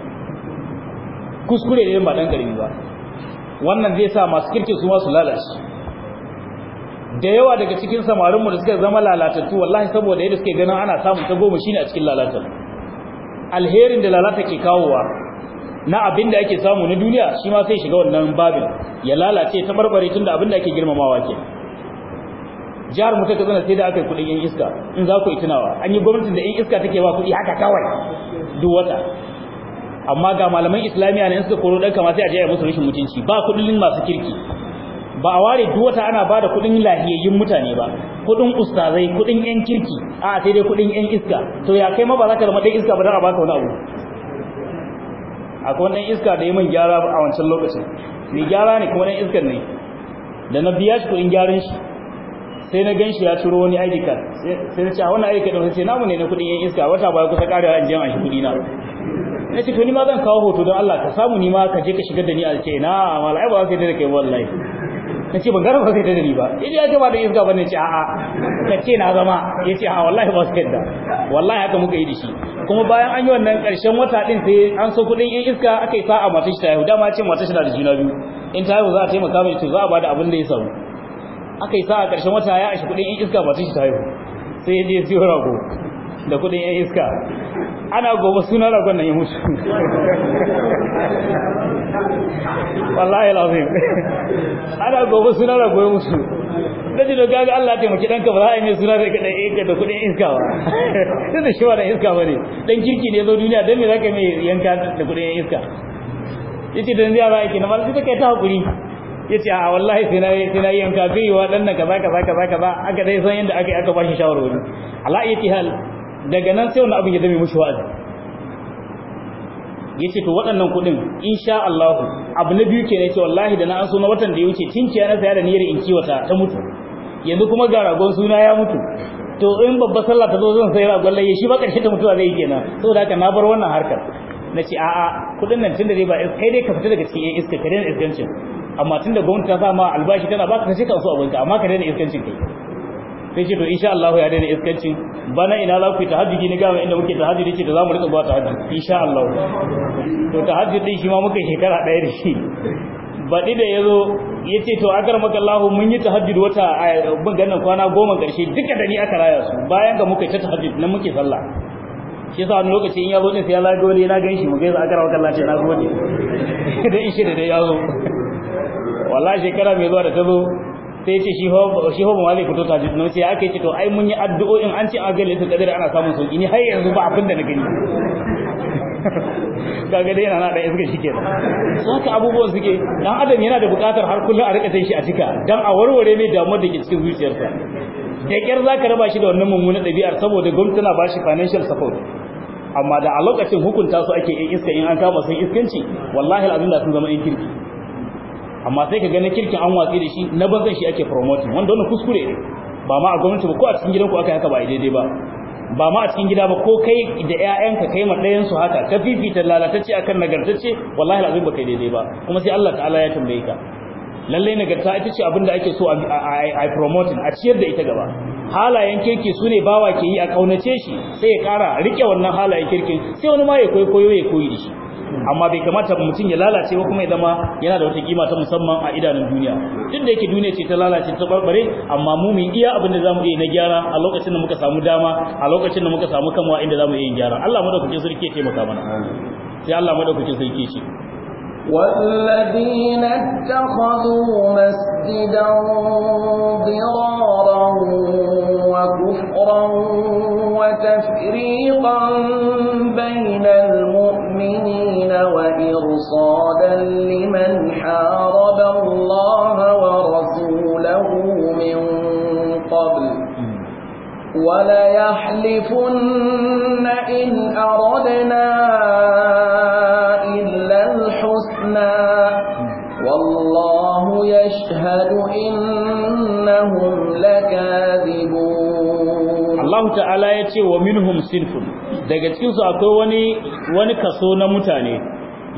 kuskure ne ba dan karimi ba wannan zai sa masu kirki su ma su lalace da yawa daga cikin samarinmu da suka zama lalatattu wallahi saboda yadda suke ganin ana samun ta goma shine a cikin lalatattu alherin da lalata ke kawowa na abin da ake samu na duniya shi ma sai shiga wannan babin ya lalace ta barbare tun da abin da ake girmamawa ke jihar mu ta katsina sai da aka yi kuɗin yan iska in za ku yi tunawa an yi gwamnatin da yan iska take ba kuɗi haka kawai duk wata amma ga malaman islamiyya ne in suka koro ɗan kama sai a je a musu rashin mutunci ba kuɗin masu kirki ba a ware duk wata ana bada kuɗin lahiyayyun mutane ba kuɗin ustazai kuɗin yan kirki a sai dai kuɗin yan iska to ya kai ma ba za ka rama dai iska ba dan a baka wani abu akwai wani iska da ya gyara a wancan lokacin ni gyara ne kuma ɗan iskan ne da na biya shi kuɗin gyaran shi sai na gan shi ya turo wani ID card sai na ce a wannan ID card sai namu ne na kuɗin yan iska wata ku kusa karewa an je an shi kuɗi na na ce to ni ma zan kawo hoto don Allah ka samu ni ma ka je ka shigar da ni a ce na mala ba sai da kai wallahi na ce ban gara ba sai da ni ba ya ce ba da iska ba ne ce a'a ka ce na zama ya ce a wallahi ba su da, wallahi haka muka yi da shi kuma bayan an yi wannan karshen wata ɗin sai an so kuɗin yan iska aka yi sa'a mata shi ta haihu dama ce mata shi na da juna biyu in ta haihu za a taimaka mai ce za a bada abin da ya samu aka yi sa'a karshen wata ya ashe kuɗin yan iska mata shi ta haihu sai ya je siyo rago da kuɗin yan iska ana gobe sunan ragon nan ya mutu wallahi lazim ana gobe sunan ragon ya mutu daji da gaga Allah ya taimaki danka ba za a yi mai suna sai ka yake da kudin iska ba sai da shawara iska ba ne dan kirki ne zo duniya dan me za ka mai yanka da kudin iska yace da yanzu ba yake na malam take kai ta hakuri yace a wallahi sai na sai na yanka bai wa dan nan kaza kaza kaza ba aka dai san yanda aka aka bashi wani Allah yati hal daga nan sai wani abin ya zame mushi wa'azi ya ce to waɗannan kuɗin insha Allah abu na biyu ke ne ce wallahi da na an so na watan da ya wuce tinkiya na da niyyar in kiwata ta mutu yanzu kuma ga ragon suna ya mutu to in babbar sallah ta zo zan sai ragon gwallaye shi ba karshe ta mutuwa zai kenan saboda haka na bar wannan harkar na ce a'a kuɗin nan tun da dai ba kai dai ka fita daga cikin iska ka daina iskancin amma tun da gwamnati ta sa ma albashi tana baka ka ce ka so abinka amma ka daina iskancin kai sai ce to insha Allah ya daina iskancin bana ina za ku yi tahajjudi ni ga inda muke tahajjudi ce da za mu rika zuwa tahajjudi insha Allah to tahajjudi shi ma muka shekara daya da shi baɗi da ya zo ya ce to maka makallahu mun yi tahajjud wata a maganar kwana goma ƙarshe duka da ni aka raya su bayan ga muka yi ta tahajjud nan muke sallah shi yasa wani lokaci in ya zo ne sai ya lage wani na shi mu za gaisa akar makallahu ce na gode ne [LAUGHS] da in shi da ya zo wallahi shekara mai zuwa da ta zo sai ya ce shi ho ba ma zai fito tajid na sai aka ce to ai mun yi addu'o'in an ce a ga lailatul qadr ana samun sauki ni har yanzu ba abin da na gani [LAUGHS] kaga dai yana na da iska shi da so haka abubuwan suke dan adam yana da bukatar har kullum a rika shi a cika dan a warware mai damuwar da ke cikin zuciyarsa da kyar zaka raba shi da wannan mummunan ɗabi'ar saboda gwamnati na bashi financial support amma da a lokacin hukunta su ake iska in an kama sun iskanci wallahi alazim da sun zama in kirki amma sai ka ga na kirkin an watsi da shi na bazan shi ake promoting wanda wannan kuskure ne ba ma a gwamnati ba ko a cikin gidanku aka haka ba daidai ba ba ma a cikin gida ba ko kai da ƴaƴanka kai ma ɗayan su haka ka fifita lalatacce akan nagartacce wallahi lazim ba kai daidai ba kuma sai Allah ta'ala ya tambaye ka lalle nagarta ita ce abin da ake so a promoting a ciyar da ita gaba halayen kirki su ne bawa ke yi a kaunace shi sai ya kara rike wannan halayen kirkin sai wani ma ya koyo ya koyi da shi amma bai kamata mutum ya lalace ba kuma ya zama yana da wata kima ta musamman a idanun duniya duk da yake duniya ce ta lalace ta barbare amma mu mu iya abin da zamu iya na gyara a lokacin da muka samu dama a lokacin da muka samu kanwa inda zamu iya gyara Allah madaukakin sarki ya taimaka mana sai Allah madaukakin sarki shi ce والذين اتخذوا مسجدا ضرارا وكفرا وتفريقا بين المؤمنين وإرصادا لمن حارب الله ورسوله من قبل وليحلفن إن أردنا إلا الحسنى والله يشهد إنهم لكاذبون Allah ta'ala ya ce wa minhum sinfun daga cikinsu akwai wani wani kaso na mutane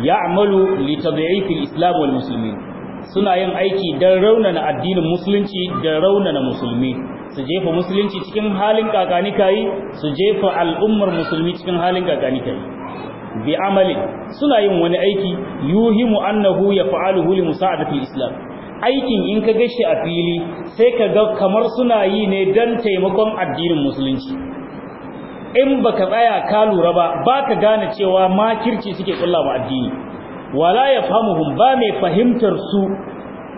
ya'malu li tad'ifi al-islam wal muslimin suna yin aiki dan raunana addinin musulunci da raunana musulmi su jefa musulunci cikin halin kakani kai su jefa al'ummar musulmi cikin halin kakani kai bi amali suna yin wani aiki yuhimu annahu yaf'aluhu li musa'adati al-islam aikin in ka gashi a fili sai ka ga kamar suna yi ne don taimakon addinin musulunci in ba ka tsaya ka lura ba ba ka gane cewa makirci suke kulla wa addini wala ya yafhamuhum ba mai fahimtar su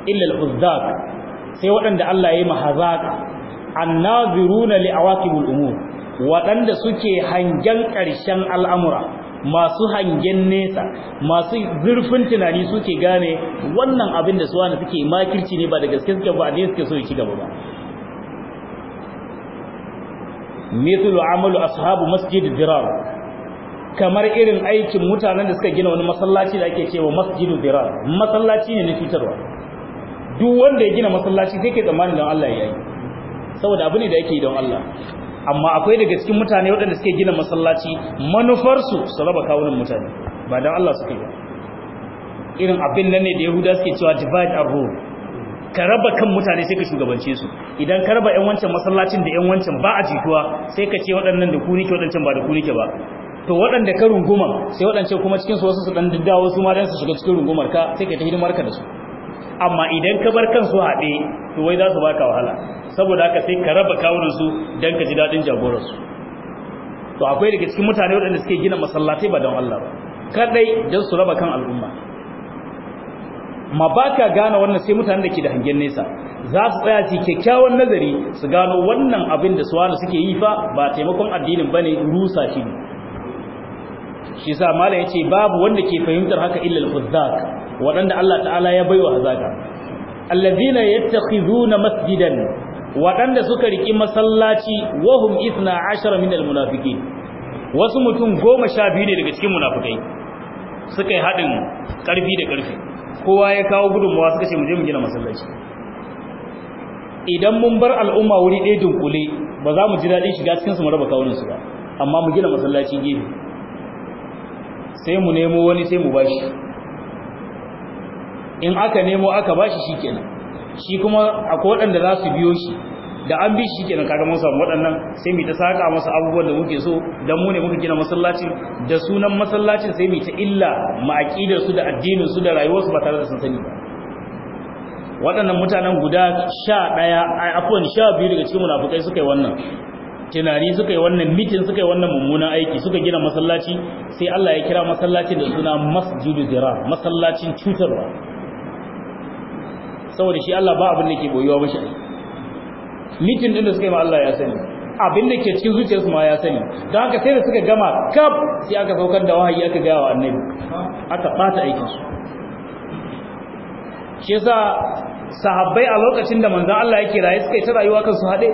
illal sai waɗanda Allah ya yi mahazaka annaziruna li awaqibul umur waɗanda suke hangen ƙarshen al'amura masu hangen nesa masu zurfin tunani suke gane wannan abin da suwana suke makirci ne ba da gaske suke ba ne suke so yi ci gaba ba mithlu amalu ashabu masjid dirar kamar irin aikin mutanen da suka gina wani masallaci da ake cewa masjidu dirar masallaci ne na fitarwa. duk wanda ya gina masallaci sai ke tsammanin don Allah ya yi saboda abu ne da yake don Allah amma akwai daga cikin mutane waɗanda suke gina masallaci manufarsu su raba kawunan mutane ba don Allah suke ba irin abin nan ne da yahuda suke cewa divide and rule ka raba kan mutane sai ka shugabance su idan ka raba yan wancan masallacin da yan wancan ba a jituwa sai ka ce waɗannan da ku nike waɗancan ba da ku nike ba to waɗanda ka runguma sai waɗancan kuma cikin su wasu su dan daddawo su ma dan su shiga cikin rungumar ka sai ka ta hidimar ka da su amma idan ka bar kansu haɗe to wai za su baka wahala saboda haka sai ka raba kawunansu don ka ji daɗin jagoransu. to akwai daga cikin mutane waɗanda suke gina masallatai ba don Allah ba kadai don su raba kan al'umma ma ba ka gane wannan sai mutanen da ke da hangen nesa za su tsaya ci kyakkyawan nazari su gano wannan abin da da suke yi fa ba taimakon addinin ne rusa shi ne shi sa mala ya ce babu wanda ke fahimtar haka illal huzzak waɗanda Allah ta'ala ya baiwa hazaka allazina na masjidan waɗanda suka riƙi masallaci wahum isna ashara min almunafiqin wasu mutum goma sha biyu ne daga cikin munafikai suka yi haɗin ƙarfi da ƙarfi kowa ya kawo gudunmawa suka ce mu je mu gina masallaci idan mun bar al'umma wuri ɗaya dunkule ba za mu ji daɗin shiga cikin su mu raba kawunan su ba amma mu gina masallaci gefe sai mu nemo wani sai mu bashi in aka nemo aka bashi shikenan shi kuma akwai waɗanda za su biyo shi da an bi shi kenan kaga mun samu waɗannan sai mu ta saka masa abubuwan da muke so dan mu ne muka gina masallacin da sunan masallacin sai mu ta illa ma aqidar su da addinin su da rayuwar su ba tare da sun sani waɗannan mutanen guda 11 afwan 12 daga cikin munafikai suka yi wannan tunani suka yi wannan mitin suka yi wannan mummunan aiki suka gina masallaci sai Allah ya kira masallacin da suna masjidu dirar masallacin cutarwa saboda shi Allah ba abin da ke boyuwa mashi mitin din da suka yi ma Allah ya sani abin da ke cikin zuciyarsu ma ya sani don haka sai da suka gama kaf sai aka saukar da wahayi aka gaya wa annabi aka fata aikin su shi yasa sahabbai a lokacin da manzon Allah yake raye suka yi ta rayuwa kan su haɗe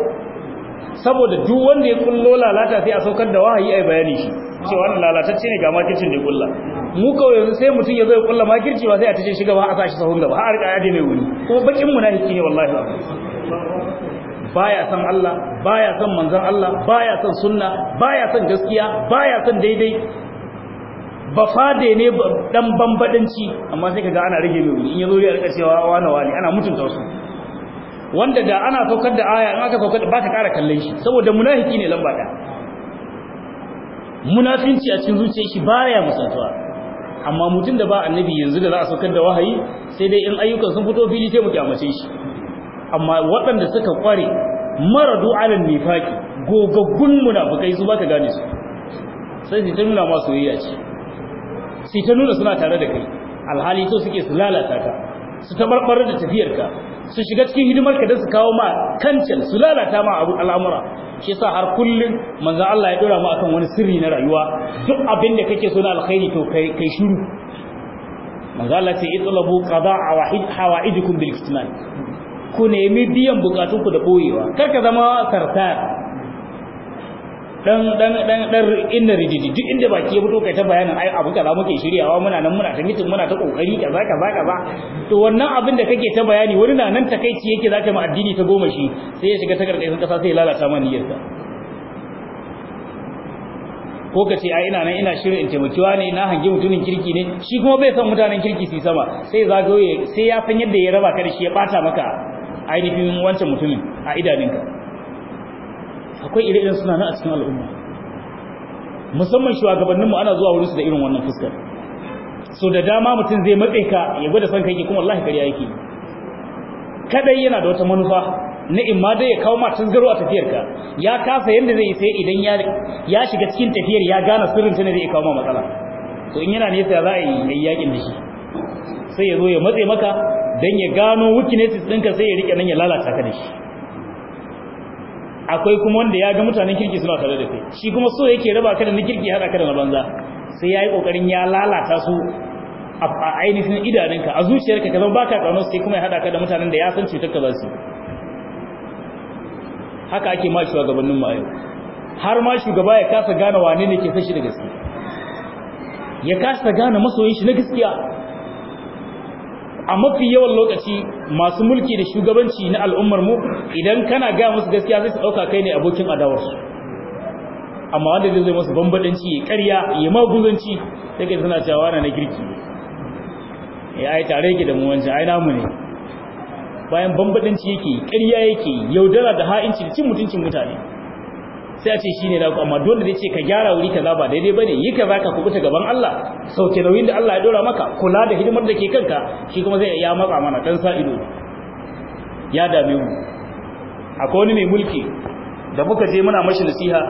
saboda duk wanda ya kullo lalata sai a saukar da wahayi ai bayani shi cewa wannan lalatacce ne ga makircin da kullu kulla mu kawai sai mutum ya zo ya kulla makirci ba sai a tace shi gaba a sashi sahun gaba har ka yaje mai wuri kuma bakin munafiki ne wallahi baya san Allah baya san manzon Allah baya san sunna baya san gaskiya baya san daidai ba fade ne dan bambadanci amma sai kaga ana rage mai wuri in yazo ya rika cewa wani wani ana mutunta su wanda da ana saukar da aya in aka saukar ba ka ƙara kallon shi saboda munafiki ne lamba da munafinci a cikin zuciyar shi baya musantuwa amma mutum da ba annabi yanzu da za a saukar da wahayi sai dai in ayyukan sun fito fili sai mu kyamace shi amma waɗanda suka kware maradu dualan nifaki gogaggun munafikai su baka gane su sai su ta nuna ma soyayya ce sai ta nuna suna tare da kai alhali to suke su lalata ka su tabarbar da tafiyar ka. su shiga cikin hidimar ka da su kawo ma kancan su lalata ma abu al'amura shi yasa har kullun manzo Allah ya dora mu akan wani sirri na rayuwa duk abin da kake so na alkhairi to kai kai shiru manzo Allah sai itlabu qada'a wahid hawaijikum bil kitman ku nemi biyan bukatun ku da boyewa kar ka zama sartar dan dan dan dan inna rididi duk inda baki ya fito kai ta bayanin ai abu kaza muke shiryawa muna nan muna ta mitin muna ta kokari zaka zaka ba to wannan abin da kake ta bayani wani na nan takeici yake zaka mu addini ta goma shi sai ya shiga ta karkashin kasa sai ya lalata ma niyyarka ko ka ce ai ina nan ina shirin in taimakiwa ne na hangi mutumin kirki ne shi kuma bai san mutanen kirki su sama sai zagaye sai ya san yadda ya raba ka da shi ya bata maka ainihin wancan mutumin a idaninka akwai ire-iren suna nan a cikin al'umma musamman shugabanninmu ana zuwa su da irin wannan fuskar so da dama mutum zai matse ka ya gwada son kai kuma wallahi kariya yake kadai yana da wata manufa na imma dai ya kawo ma tasgaro a ka ya kasa yanda zai sai idan ya ya shiga cikin tafiyar ya gane sirrin ta ne zai kawo ma matsala to in yana nesa za a yi yakin da shi sai ya zo ya matse maka dan ya gano weaknesses ɗinka sai ya rike nan ya lalata ka da shi akwai kuma wanda ya ga mutanen kirki suna tare da kai shi kuma so yake raba ka da na kirki hada ka da na banza sai yayi kokarin ya lalata su a ainihin idanunka a zuciyarka ka zama ka kaunar sai kuma ya hada ka da mutanen da ya san cutar ka za su haka ake ma shugabannin mu yau har ma shugaba ya kasa gane wane ne ke fashi da gaskiya ya kasa gane masoyin shi na gaskiya a mafi yawan lokaci masu mulki da shugabanci na al'ummar mu idan kana ga musu gaskiya sai su dauka kai ne abokin adawar su amma wanda zai zai musu bambadanci ya karya, ya maguzanci sai kai suna cewa na girki ya eh, ai tare ki da mu wancan ai namu ne bayan bambadanci yake karya yake yaudara da ha'inci da cin mutuncin mutane sai a ce shine naku amma dole da ce ka gyara wuri kaza ba daidai bane yi kaza ka kubuta gaban Allah sauke nauyin da Allah ya dora maka kula da hidimar da ke kanka shi kuma zai ya matsa mana dan sa ido ya dame mu akwai wani mai mulki da muka je muna mashi nasiha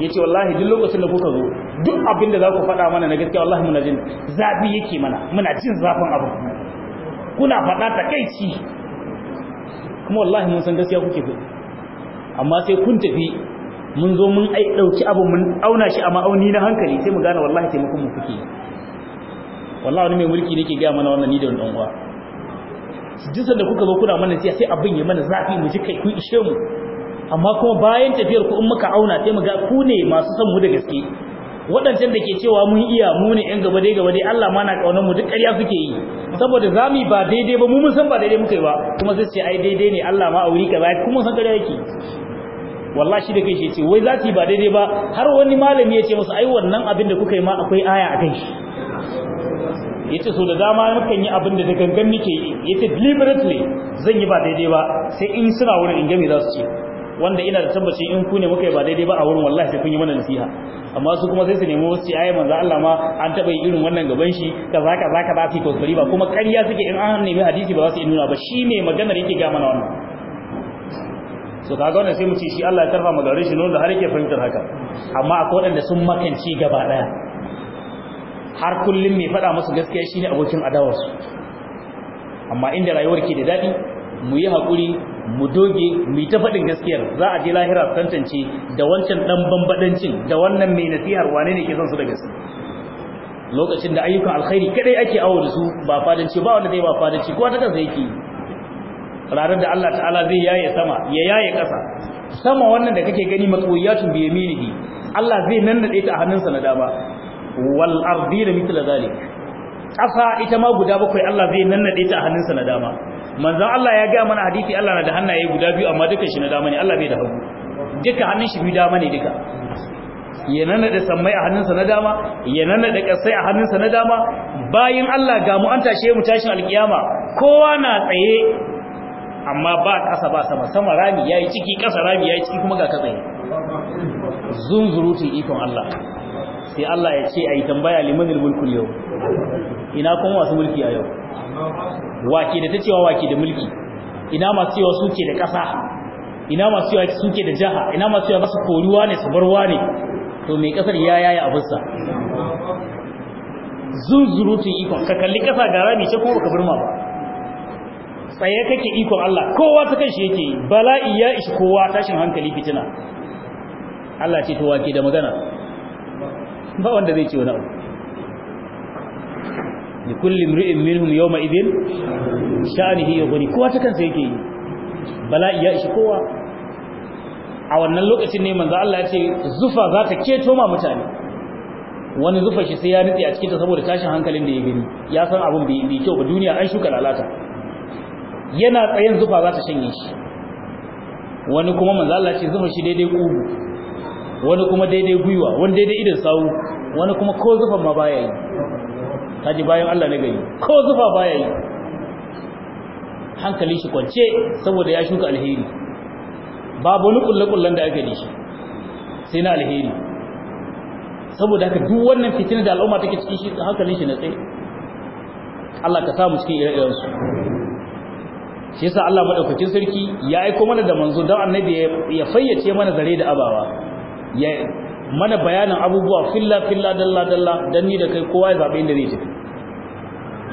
yace wallahi duk lokacin da kuka zo duk abin da za ku faɗa mana na gaskiya wallahi muna jin zafi yake mana muna jin zafin abu kuna faɗa ci kuma wallahi mun san gaskiya kuke faɗi amma sai kun tafi mun zo mun ai dauki abu mun auna shi a ma'auni na hankali sai mu gane wallahi taimakon mu kuke wallahi wani mai mulki nake ga mana wannan ni da dan uwa jinsan da kuka zo kuna mana siya sai abin ya mana zafi mu ji kai ku ishe mu amma kuma bayan tafiyar ku in muka auna sai mu ga ku ne masu son mu da gaske waɗancan da ke cewa mun iya mu ne ƴan gaba dai gaba dai Allah ma na kaunar mu duk ƙarya suke yi saboda zami ba daidai ba mu mun san ba daidai muka yi ba kuma sai ce ai daidai ne Allah ma auri kaza kuma san ƙarya yake wallahi da kai shi yace wai yi ba daidai ba har wani malami yace musu ai wannan abin da kuka yi ma akwai aya a akan shi yace so da dama mukan yi abin da da gangan muke yi yace deliberately zan yi ba daidai ba sai in suna wurin in gami za su ce wanda ina da tabbacin in ku ne muka yi ba daidai ba a wurin wallahi sai kun yi mana nasiha amma su kuma sai su nemi wasu ayi manzo Allah ma an taba yi irin wannan gaban shi da zaka zaka ba su kokari ba kuma ƙarya suke in an nemi hadisi ba za su nuna ba shi ne maganar yake ga mana wannan so kaga wannan sai mu ce shi Allah ya karfa mu gare shi nuna har yake fahimtar haka amma akwai waɗanda sun makanci gaba ɗaya. har kullum mai faɗa musu gaskiya shine abokin adawarsu. amma inda rayuwar ke da daɗi mu yi haƙuri mu doge mu yi ta faɗin gaskiyar za a je lahira su tantance da wancan ɗan bambaɗancin da wannan mai nasihar wane ne ke son su da gaske lokacin da ayyukan alkhairi kadai ake awo da su ba fadanci ba wanda zai ba fadanci ko ta kansa yake yi ranar da Allah ta'ala zai yaye sama ya yaye ƙasa sama wannan da kake gani matwiyatun bi yaminihi Allah zai nannade ta a hannunsa na dama wal ardi la mithla zalik ƙasa ita ma guda bakwai Allah zai nannade ta a hannunsa na dama manzon Allah ya ga mana hadisi Allah na da hannaye guda biyu amma dukan shi na dama ne Allah bai da hagu duka hannun shi biyu dama ne duka ya nannade sammai a hannunsa na dama ya nannade ƙasai a hannunsa na dama bayin Allah ga mu an tashe mu tashin alkiyama kowa na tsaye amma ba kasa ba sama sama rami ya yi ciki ƙasa rami ya yi ciki kuma ga ka tsaye zunzurutun ikon Allah sai Allah ya ce a yi tambaya limanin mulkul yau ina kuma masu mulki a yau wake da ta cewa wake da mulki ina masu cewa suke da ƙasa ina masu cewa suke da jaha ina masu cewa basu koruwa ne su barwa ne to mai ƙasar ya yaya abinsa zunzurutun ikon ka kalli ƙasa ga rami ce kuma baka burma ba tsaye kake ikon Allah kowa ta kanshi yake yi bala'i ya ishi kowa tashin hankali fitina Allah ce to wake da magana ba wanda zai ce wani abu ni kulli imri'in minhum yawma idhin sha'nihi yughni kowa ta kansa yake yi bala'i ya ishi kowa a wannan lokacin ne manzo Allah ya ce zufa za ta keto ma mutane wani zufa shi sai ya nitsi a cikin ta saboda tashin hankalin da ya gani ya san abun bai kyau ba duniya an shuka lalata yana tsayen zufa za ta shanye shi wani kuma manzo Allah ce zufa shi daidai kugu wani kuma daidai gwiwa wani daidai idan sawu wani kuma ko zufa ma baya yi kaji bayan Allah ne gari ko zufa baya yi hankali shi kwance saboda ya shuka alheri babu wani kullakullan da aka yi shi sai na alheri saboda haka duk wannan fitina da al'umma take cikin shi hankalin shi na tsaye Allah ka samu cikin ire-irensu shi yasa Allah madaukakin sarki ya aika mana da manzo dan annabi ya fayyace mana zare da abawa ya mana bayanin abubuwa filla filla dalla dalla dan ni da kai kowa ya zabe inda zai tafi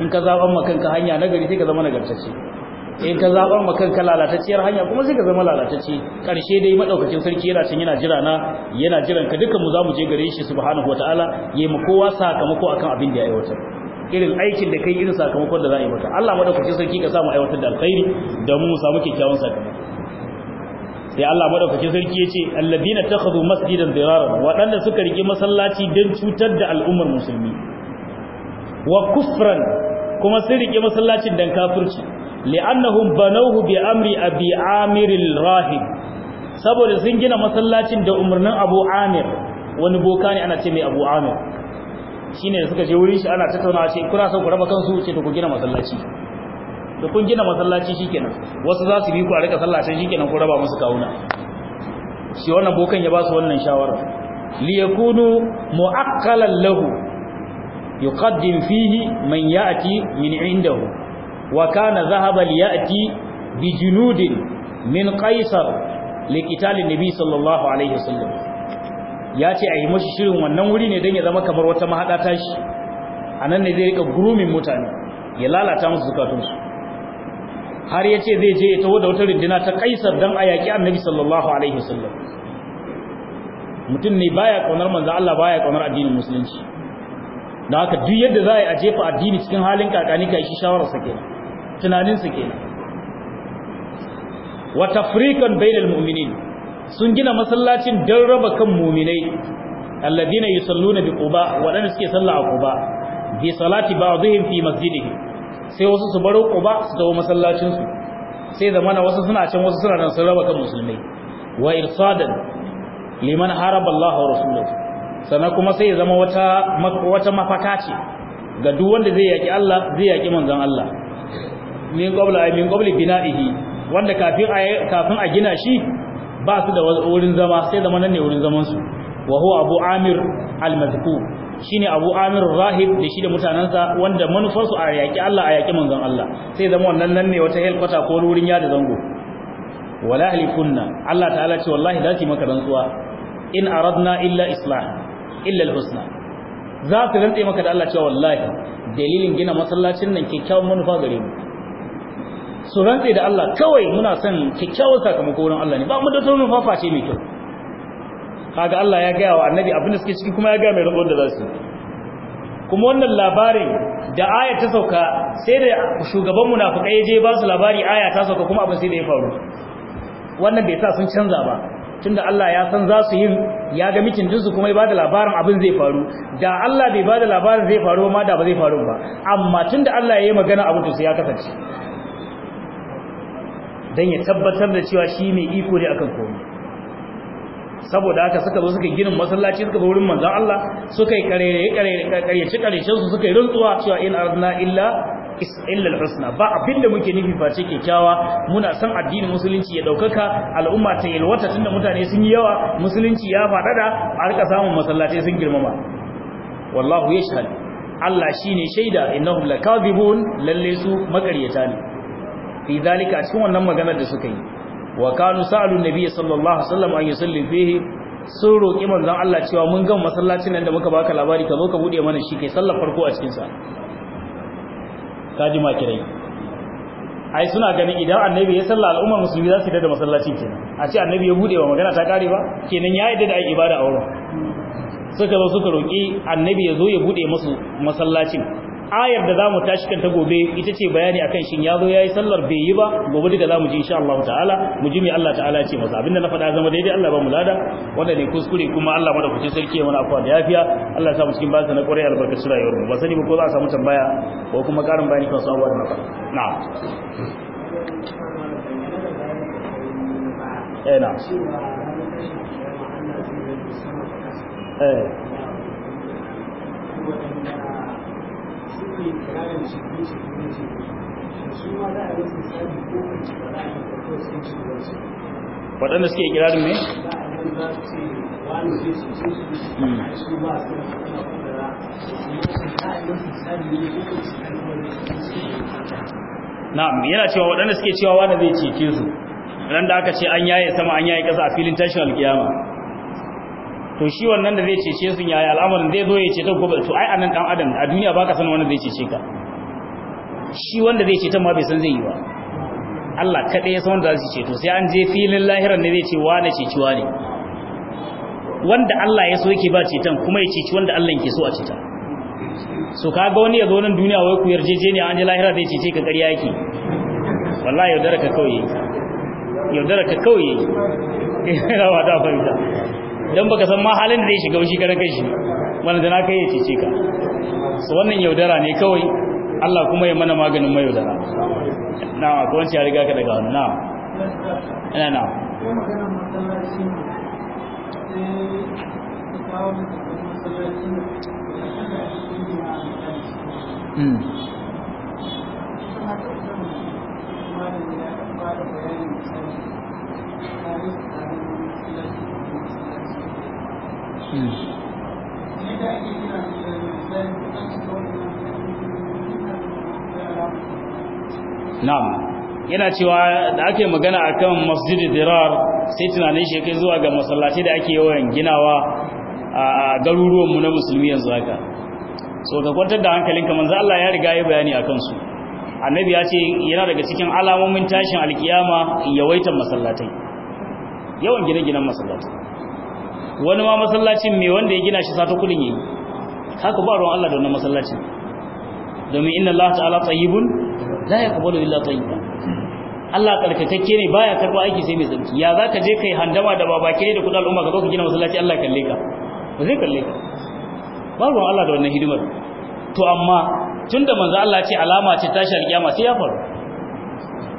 in ka zaban maka kanka hanya nagari sai ka zama nagartacce in ka zaban maka kanka lalatacciyar hanya kuma sai ka zama lalatacce karshe dai madaukakin sarki yana cin yana jira na yana jiran ka dukkan mu zamu je gare shi subhanahu wataala yayi mu kowa sakamako akan abin da ya aiwatar irin aikin da kai irin sakamakon da za a yi maka Allah madaukakin sarki ka samu aiwatar da alkhairi da mu samu kyakkyawan sakamako sai Allah madaukakin sarki yace alladina takhadhu masjidan dirara Waɗanda suka rike masallaci don cutar da al'ummar musulmi wa kufran kuma sun rike masallacin dan kafirci li'annahum banawhu bi amri abi amir al-rahib saboda sun gina masallacin da umarnin Abu Amir wani boka ne ana ce mai Abu Amir shine da suka je wurin shi ana tattaunawa ce kuna son ku raba kansu ce to ku gina masallaci da kun gina masallaci shikenan wasu za su bi ku a rika sallah shikenan ku raba musu kawuna shi wannan bokan ya ba su wannan shawara li yakunu mu'aqqalan lahu yuqaddim fihi man ya'ti min indahu wa kana dhahaba li ya'ti bi junudin min qaisar liqitalin nabi sallallahu alaihi wasallam ya ce a yi mashi shirin wannan wuri ne don ya zama kamar wata mahaɗa tashi a nan ne zai rika gurumin mutane ya lalata musu zukatunsu har ya ce zai je ya taho da wata rindina ta kaisar don a yaƙi annabi sallallahu alaihi wasallam mutum ne baya ƙaunar manzo Allah baya ƙaunar addinin musulunci da haka duk yadda za a yi a jefa addini cikin halin kakani ka ishi sa ke, tunaninsa kenan wa tafriqan bainal mu'minin sun gina masallacin don raba kan muminai alladina yusalluna bi quba wadanda suke sallah a quba bi salati ba'dihim fi masjidihi sai wasu su baro quba su dawo masallacin su sai zamana wasu suna can wasu suna nan sun raba kan musulmai wa irsadan liman haraba Allah wa rasulahu sana kuma sai ya zama wata wata mafaka ce ga duk wanda zai yaki Allah zai yaki manzon Allah min qabla min qabli bina'ihi wanda kafin kafin a gina shi ba su da wurin zama sai zama nan ne wurin zamansu, su wa huwa abu amir al-mazkur shine abu amir rahib da shi da mutanansa wanda manufar a yaki Allah a yaki manzon Allah sai zama wannan nan ne wata helkwata ko wurin yada zango wala halikunna Allah ta'ala ce wallahi da su maka rantsuwa in aradna illa islah illa al-husna za su rantsa maka da Allah cewa wallahi dalilin gina masallacin nan kyakkyawan manufa gare mu su rantse da Allah kawai muna son kyakkyawar sakamako wurin Allah ne ba mu da tsoron faface mai kyau kaga Allah ya gaya wa annabi abin da suke ciki kuma ya gaya mai rubutu da za su kuma wannan labarin da aya ta sauka sai da shugaban munafikai ya je ba su labari aya ta sauka kuma abin sai da ya faru wannan bai sa sun canza ba tunda Allah ya san za su yin ya ga mikin dinsu kuma ya bada labarin abin zai faru da Allah bai bada labarin zai faru ma da ba zai faru ba amma tunda Allah ya yi magana abin to sai ya kasance don ya tabbatar da cewa shi mai iko ne akan komai saboda haka suka zo suka ginin masallaci suka zo wurin manzon Allah suka yi karere karere su suka yi rantsuwa cewa in arzna illa illa al-husna ba abinda muke nufi face kyakkyawa muna san addinin musulunci ya daukaka al'umma ta yalwata tunda mutane sun yi yawa musulunci ya fadada a rika samun masallaci sun girmama wallahu yashhad Allah shine shaida innahum lakadhibun lalle su makaryata ne fi dalika a cikin wannan maganar da suka yi wa kanu sa'alu nabiyyi sallallahu alaihi wasallam an yusalli fihi sun roƙi manzon Allah cewa mun ga masallacin nan da muka baka labari ka zo ka bude mana shi kai sallar farko a cikin sa kaji kirai ai suna ganin idan annabi ya salla al'ummar musulmi za su yi da masallacin kenan a ce annabi ya bude wa magana ta kare ba kenan ya yadda da ai ibada a wurin suka zo suka roƙi annabi ya zo ya bude musu masallacin ayar da zamu tashi kan ta gobe ita ce bayani akan shin yazo yayi sallar bai yi ba gobe duka zamu ji insha Allah ta'ala mu ji mai Allah ta'ala ce masa abinda na faɗa zama daidai Allah ba mu lada wanda ne kuskure kuma Allah madaukakin sarki ya mana afwa da yafiya Allah ya sa mu cikin basa na ƙwarai albarkacin rayuwar mu ba sani ba ko za a samu tambaya ko kuma ƙarin bayani kan sabuwar da maka na'am eh na eh waɗanda suke kirarin ne? na'am yana cewa waɗanda suke cewa wanda zai cece su ran da aka ce an yaye sama an yaye ƙasa a filin tashin alkiyama to shi wannan da zai cece sun yaya al'amarin zai zo ya ce ta gobe to ai anan dan adam a duniya baka san wanda zai cece ka shi wanda zai cece ma bai san zai yi ba Allah kaɗai ya san wanda zai to sai an je filin lahiran ne zai ce wane ceciwa ne wanda Allah ya so yake ba ceton kuma ya ceci wanda Allah yake so a ceta so kaga wani ya zo nan duniya wai ku yarjejeniya an je lahira zai cece ka ƙarya yake wallahi yaudara ka kawai yaudara ka kauye ina ba ta fahimta don baka san ma halin da zai shiga shi karan kai shi wanda na kai ya cece ka su wannan yaudara ne kawai Allah kuma ya mana maganin mai yaudara na ko wancan ya riga ka daga wannan na ina na Mm. na'am yana cewa da ake magana akan masjid dirar sai tunanin shi kai zuwa ga masallaci da ake yawan ginawa a garuruwanmu na musulmi yanzu haka so ka kwantar da hankalin kamar za Allah ya riga ya bayani akan su annabi ya ce yana daga cikin alamomin tashin alkiyama yawaitan masallatai yawan gine-ginen masallatai wani ma masallacin mai wanda ya gina shi sato kudin yi haka ba ruwan Allah da wannan masallacin domin inna Allah ta'ala tayyibun la yaqbalu illa tayyiban Allah karkatakke ne baya karba aiki sai mai tsarki ya zaka je kai handama da babake da kudin al'umma ka zo ka gina masallaci Allah kalle ka ba zai kalle ka ba ruwan Allah da wannan hidimar to amma tunda manzo Allah ce alama ce tashi alkiyama sai ya faru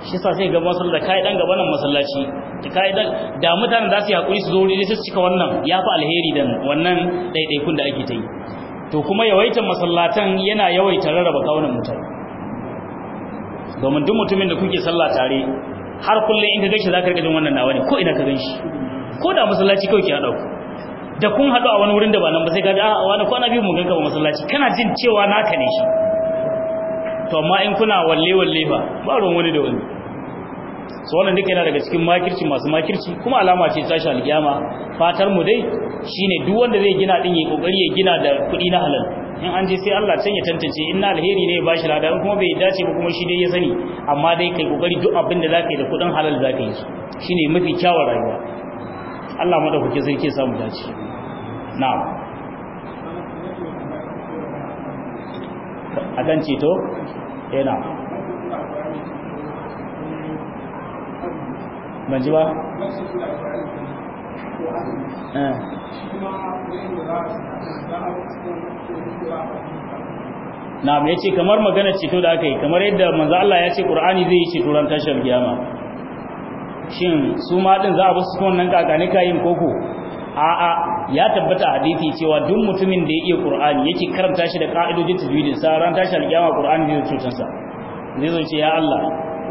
shi sa sai ga masallaci kai dan gabanin masallaci ka'idar da mutanen za su yi hakuri su zo wuri sai su cika wannan ya fi alheri dan wannan ɗaiɗaikun da ake ta yi to kuma yawaitan masallatan yana yawaita rarraba kawunan mutane domin duk mutumin da kuke sallah tare har kullum in ka gaishe za ka rika jin wannan nawa ne ko ina ka gan shi ko da masallaci kawai ki haɗa ku da kun haɗu a wani wurin da ba nan ba sai gaji a wani kwana biyu mu ganka ba masallaci kana jin cewa naka ne shi to amma in kuna walle walle ba ba ruwan wani da wani su wannan duka yana daga cikin makirci masu makirci kuma alama ce tashi alkiyama fatar mu dai shine duk wanda zai gina din yayi kokari ya gina da kuɗi na halal in an je sai Allah can ya tantance inna alheri ne ya bashi lada kuma bai dace ba kuma shi dai ya sani amma dai kai kokari duk abin da zaka yi da kuɗin halal zaka yi shine mafi kyawun rayuwa Allah kuke sarki ya samu dace na'am akan ceto yana eh, ban ji ba eh. na ya ce kamar magana ceto da aka yi kamar yadda manzo Allah ya ce Qur'ani zai yi ceto ran tashar kiyama shin su ma din za a basu cikin nan kakani kayin koko a a ya tabbata hadisi cewa duk mutumin da ya iya ya yake karanta shi da ka'idojin tajwidin sa ran tashar kiyama Qur'ani zai cutar sa zai zo ce ya Allah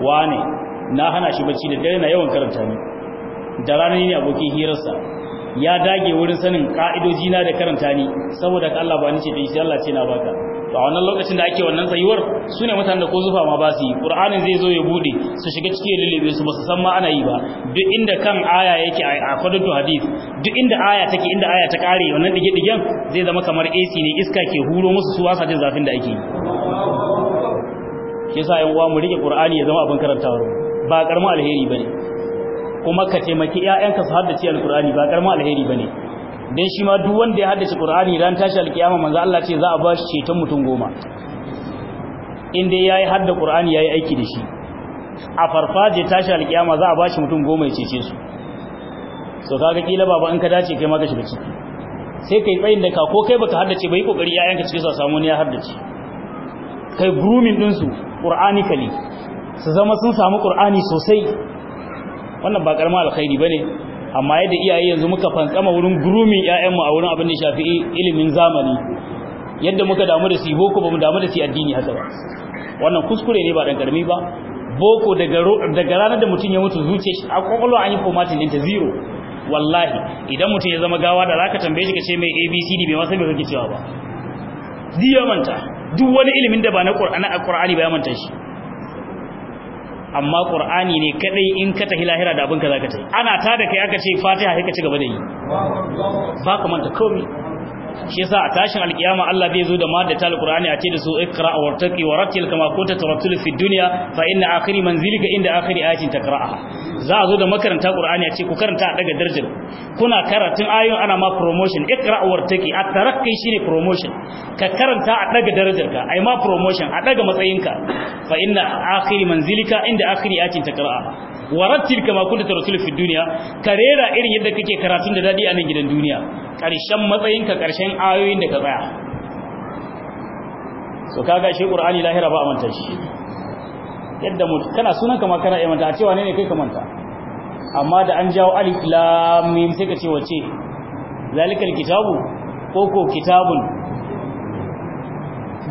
wane na hana shi bacci da dare na yawan karanta ni da rana ne abokin hirarsa ya dage wurin sanin ka'idoji na da karanta ni saboda ka Allah ba ni ce da shi Allah ce na baka to a wannan lokacin da ake wannan tsayuwar su ne mutanen da ko zufa ma ba su yi qur'ani zai zo ya bude su shiga ciki cikin lillibe su ba su san ma ana yi ba duk inda kan aya yake a kwadatu hadith duk inda aya take inda aya ta kare wannan dige digen zai zama kamar AC ne iska ke huro musu su wasa jin zafin da ake yi yasa yan uwa mu rike qur'ani ya zama abin karantawar mu ba karamin alheri bane kuma ka taimaki ƴaƴanka su haddace alqur'ani ba karamin alheri bane dan shi ma duk wanda ya haddace qur'ani ran tashi alkiyama manzo Allah ce za a bashi ceton mutum goma in dai yayi hadda qur'ani yayi aiki da shi a farfaje tashi alkiyama za a bashi mutum goma ya cece su so kaga kila baba in ka dace kai ma ka shiga ciki sai kai tsayin da ka ko kai baka haddace bai kokari yayanka cikin a samu ne ya haddace kai grooming din su kali. su zama sun samu ƙur'ani sosai wannan ba ƙarama alkhairi ba ne amma yadda iyaye yanzu muka fankama wurin gurumin 'ya'yanmu a wurin abin da shafi ilimin zamani yadda muka damu da si boko ba mu damu da si addini haka ba wannan kuskure ne ba ɗan ƙarami ba boko daga ranar da mutum ya mutu zuce shi a kwakwalwa an yi komatin ɗinta zero wallahi idan mutum ya zama gawa da raka tambaye shi ka ce mai abcd bai wasan mai kake cewa ba duk ya manta duk wani ilimin da ba na qur'ani ba ya manta shi amma qur'ani ne kadai in ka tahi lahira da abin ka zaka tai ana ta da kai aka ce fatiha sai ka ci gaba da yi ba ka manta komai shi yasa a tashin alkiyama Allah zai zo da madata alqur'ani a ce da su ikra wa taqi wa rattil kama kunta turattil fi dunya fa inna akhiri manzilika inda akhiri ayatin takra'aha za a zo da makaranta qur'ani a ce ku karanta a daga darajar kuna karatun ayoyin ana ma promotion ikra wa taqi at tarakki shine promotion ka karanta a daga darajar ka ai ma promotion a daga matsayinka fa inna akhiri manzilika inda akhiri ayatin takra'aha warattil kama kunta tarasul fi dunya karera irin yadda kake karatun da dadi a nan gidan duniya karshen matsayin ka karshen ayoyin da ka tsaya so kaga shi qur'ani lahira ba manta shi yadda mu kana sunan kama kana yi manta a cewa ne ne kai ka manta amma da an jawo alif lam mim sai ka ce wace zalikal kitabu ko ko kitabun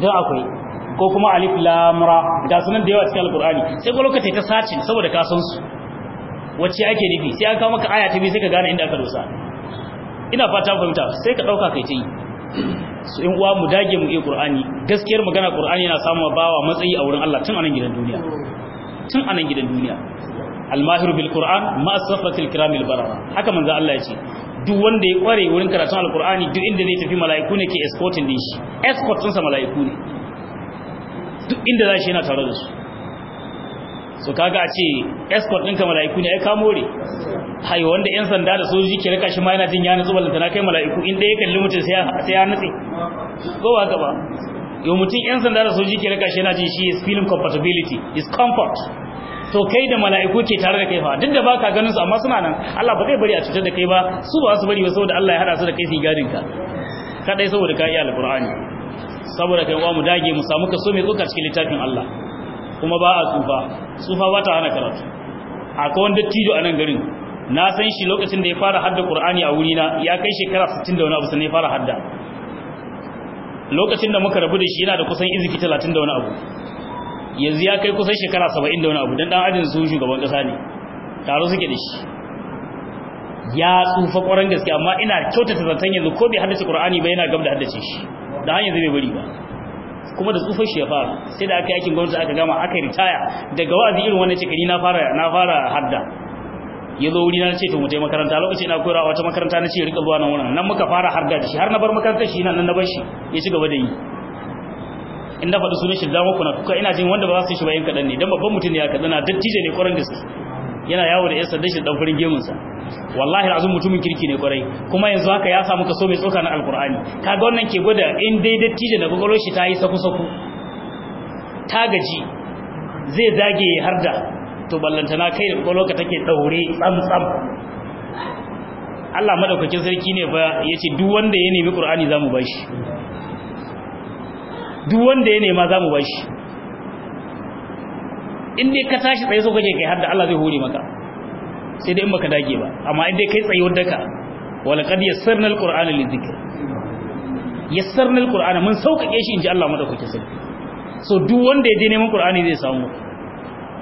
da akwai ko kuma alif lam ra ga sunan da yawa cikin alqur'ani sai ko lokaci ta sace saboda ka san su wacce ake nufi sai an kawo maka aya ta biyu sai ka gane inda aka dosa ina fata fahimta sai ka dauka kai ta yi su in uwa mu dage mu iya qur'ani gaskiyar magana qur'ani yana samu bawa matsayi a wurin Allah tun anan gidan duniya tun anan gidan duniya bil qur'an ma asfatil kiramil barara haka manzo Allah ya ce duk wanda ya kware wurin karatun alqur'ani duk inda ne tafi mala'iku ne ke escorting din shi escort din sa mala'iku ne duk inda za shi yana tare da su so kaga a ce escort ɗinka mala'iku ne ya kamo ne? hayo wanda yan sanda da soji ke rika shi ma yana jin yana nutsu na kai mala'iku inda ya kalli mutum sai ya nutse ko ba ba yau mutum yan sanda da soji ke rika shi yana jin shi is feeling compatibility is comfort to kai da mala'iku ke tare da kai fa duk da baka ganin su amma suna nan Allah ba zai bari a cutar da kai ba su ba su bari ba saboda Allah ya hada su da kai su gadin ka kadai saboda ka yi alqur'ani saboda kai mu dage mu samu kaso mai tsoka cikin littafin Allah kuma ba a tsufa tsufa ba ta hana karatu akwai wani dattijo a nan garin na san shi lokacin da ya fara hadda Qur'ani a wurina ya kai shekara 60 da wani abu sai ya fara hadda lokacin da muka rabu da shi yana da kusan iziki 30 da wani abu yanzu ya kai kusan shekara 70 da wani abu dan dan ajin su shugaban kasa ne taro suke da shi ya tsufa ƙwarar gaske amma ina kyautata zaton yanzu ko bai haddace Qur'ani ba yana gab da haddace shi da hanyar zai bari ba kuma da tsufar shi ya fara sai da aka yakin gwamnati aka gama aka ritaya daga wa'azi irin wannan cikini na fara na fara hadda ya zo wuri na ce to mu je makaranta lokaci ina koyarwa wata makaranta na ce rika zuwa nan wannan nan muka fara hadda da shi har na bar makarantar shi nan na bar shi ya ci gaba da yi in na faɗi sunan shi da muku na kuka ina jin wanda ba za su shi bayan kadan ne dan babban mutum ne ya na dattije ne kwarin gaske yana yawo da yasa da shi dan farin gemunsa. sa wallahi azum mutumin kirki ne kwarai kuma yanzu haka ya samu kaso mai tsoka na alkur'ani kaga wannan ke gwada in dai dattijo da gogoro shi ta yi saku saku ta gaji zai zage har da to ballantana kai da gogoro ka take daure tsam tsam Allah madaukakin sarki ne fa yace duk wanda ya nemi qur'ani zamu bashi duk wanda ya nema zamu bashi in dai ka tashi tsaye so kake kai har da Allah zai hore maka sai dai in baka dage ba amma in dai kai ka wala walaqad yassarna alqur'ana lidhikr yassarna alqur'ana mun sauƙaƙe shi inji Allah madaukake sarki so duk wanda ya je neman qur'ani zai samu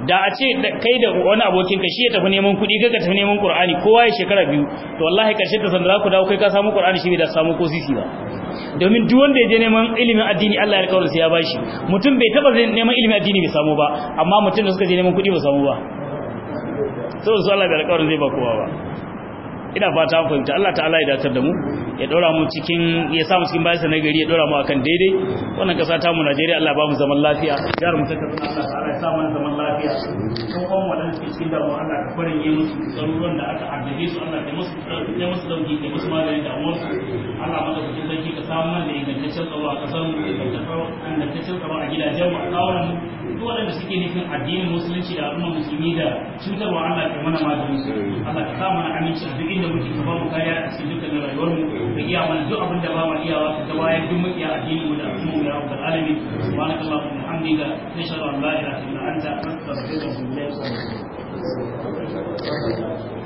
da a ce kai da wani abokin ka shi ya tafi neman kuɗi ga ka tafi neman qur'ani kowa ya shekara biyu to wallahi karshe ta sanda za ku dawo kai ka samu qur'ani shi bai da samu ko sisi ba domin duk wanda ya je neman ilimin addini Allah ya alƙawarin sai ya bashi mutum bai taba neman ilimin addini bai samu ba amma mutum da suka je neman kuɗi ba samu ba so su Allah bai alƙawarin zai ba kowa ba ina fata fahimta Allah ta'ala ya datar da mu ya dora mu cikin ya samu cikin bayansa na gari ya dora mu akan daidai wannan kasa ta mu Najeriya Allah ba mu zaman lafiya jihar mu ta Kaduna Allah ta'ala ya sa mu zaman lafiya ko kuma wannan cikin cikin damuwa Allah ka farin yi musu tsaruran da aka addabe su Allah ya musu ya musu dauki ya musu maganin damuwar su Allah maka cikin sarki ka samu mana da ingantaccen tsaro a kasar mu da ingantaccen tsaro a gidajen mu a kawo mu duk waɗanda suke nufin addinin musulunci da al'ummar musulmi da cutarwa Allah ka mana maganin su Allah ka sa mana aminci a duk inda muke ka ba mu kariya a cikin dukkan rayuwar mu ka iya mana duk abin da ba mu iyawa ta bayar duk mu iya addinin mu da al'ummar mu ya rabbal alamin subhanaka allahumma hamdika nashhadu an la ilaha illa anta astaghfiruka wa atubu ilayk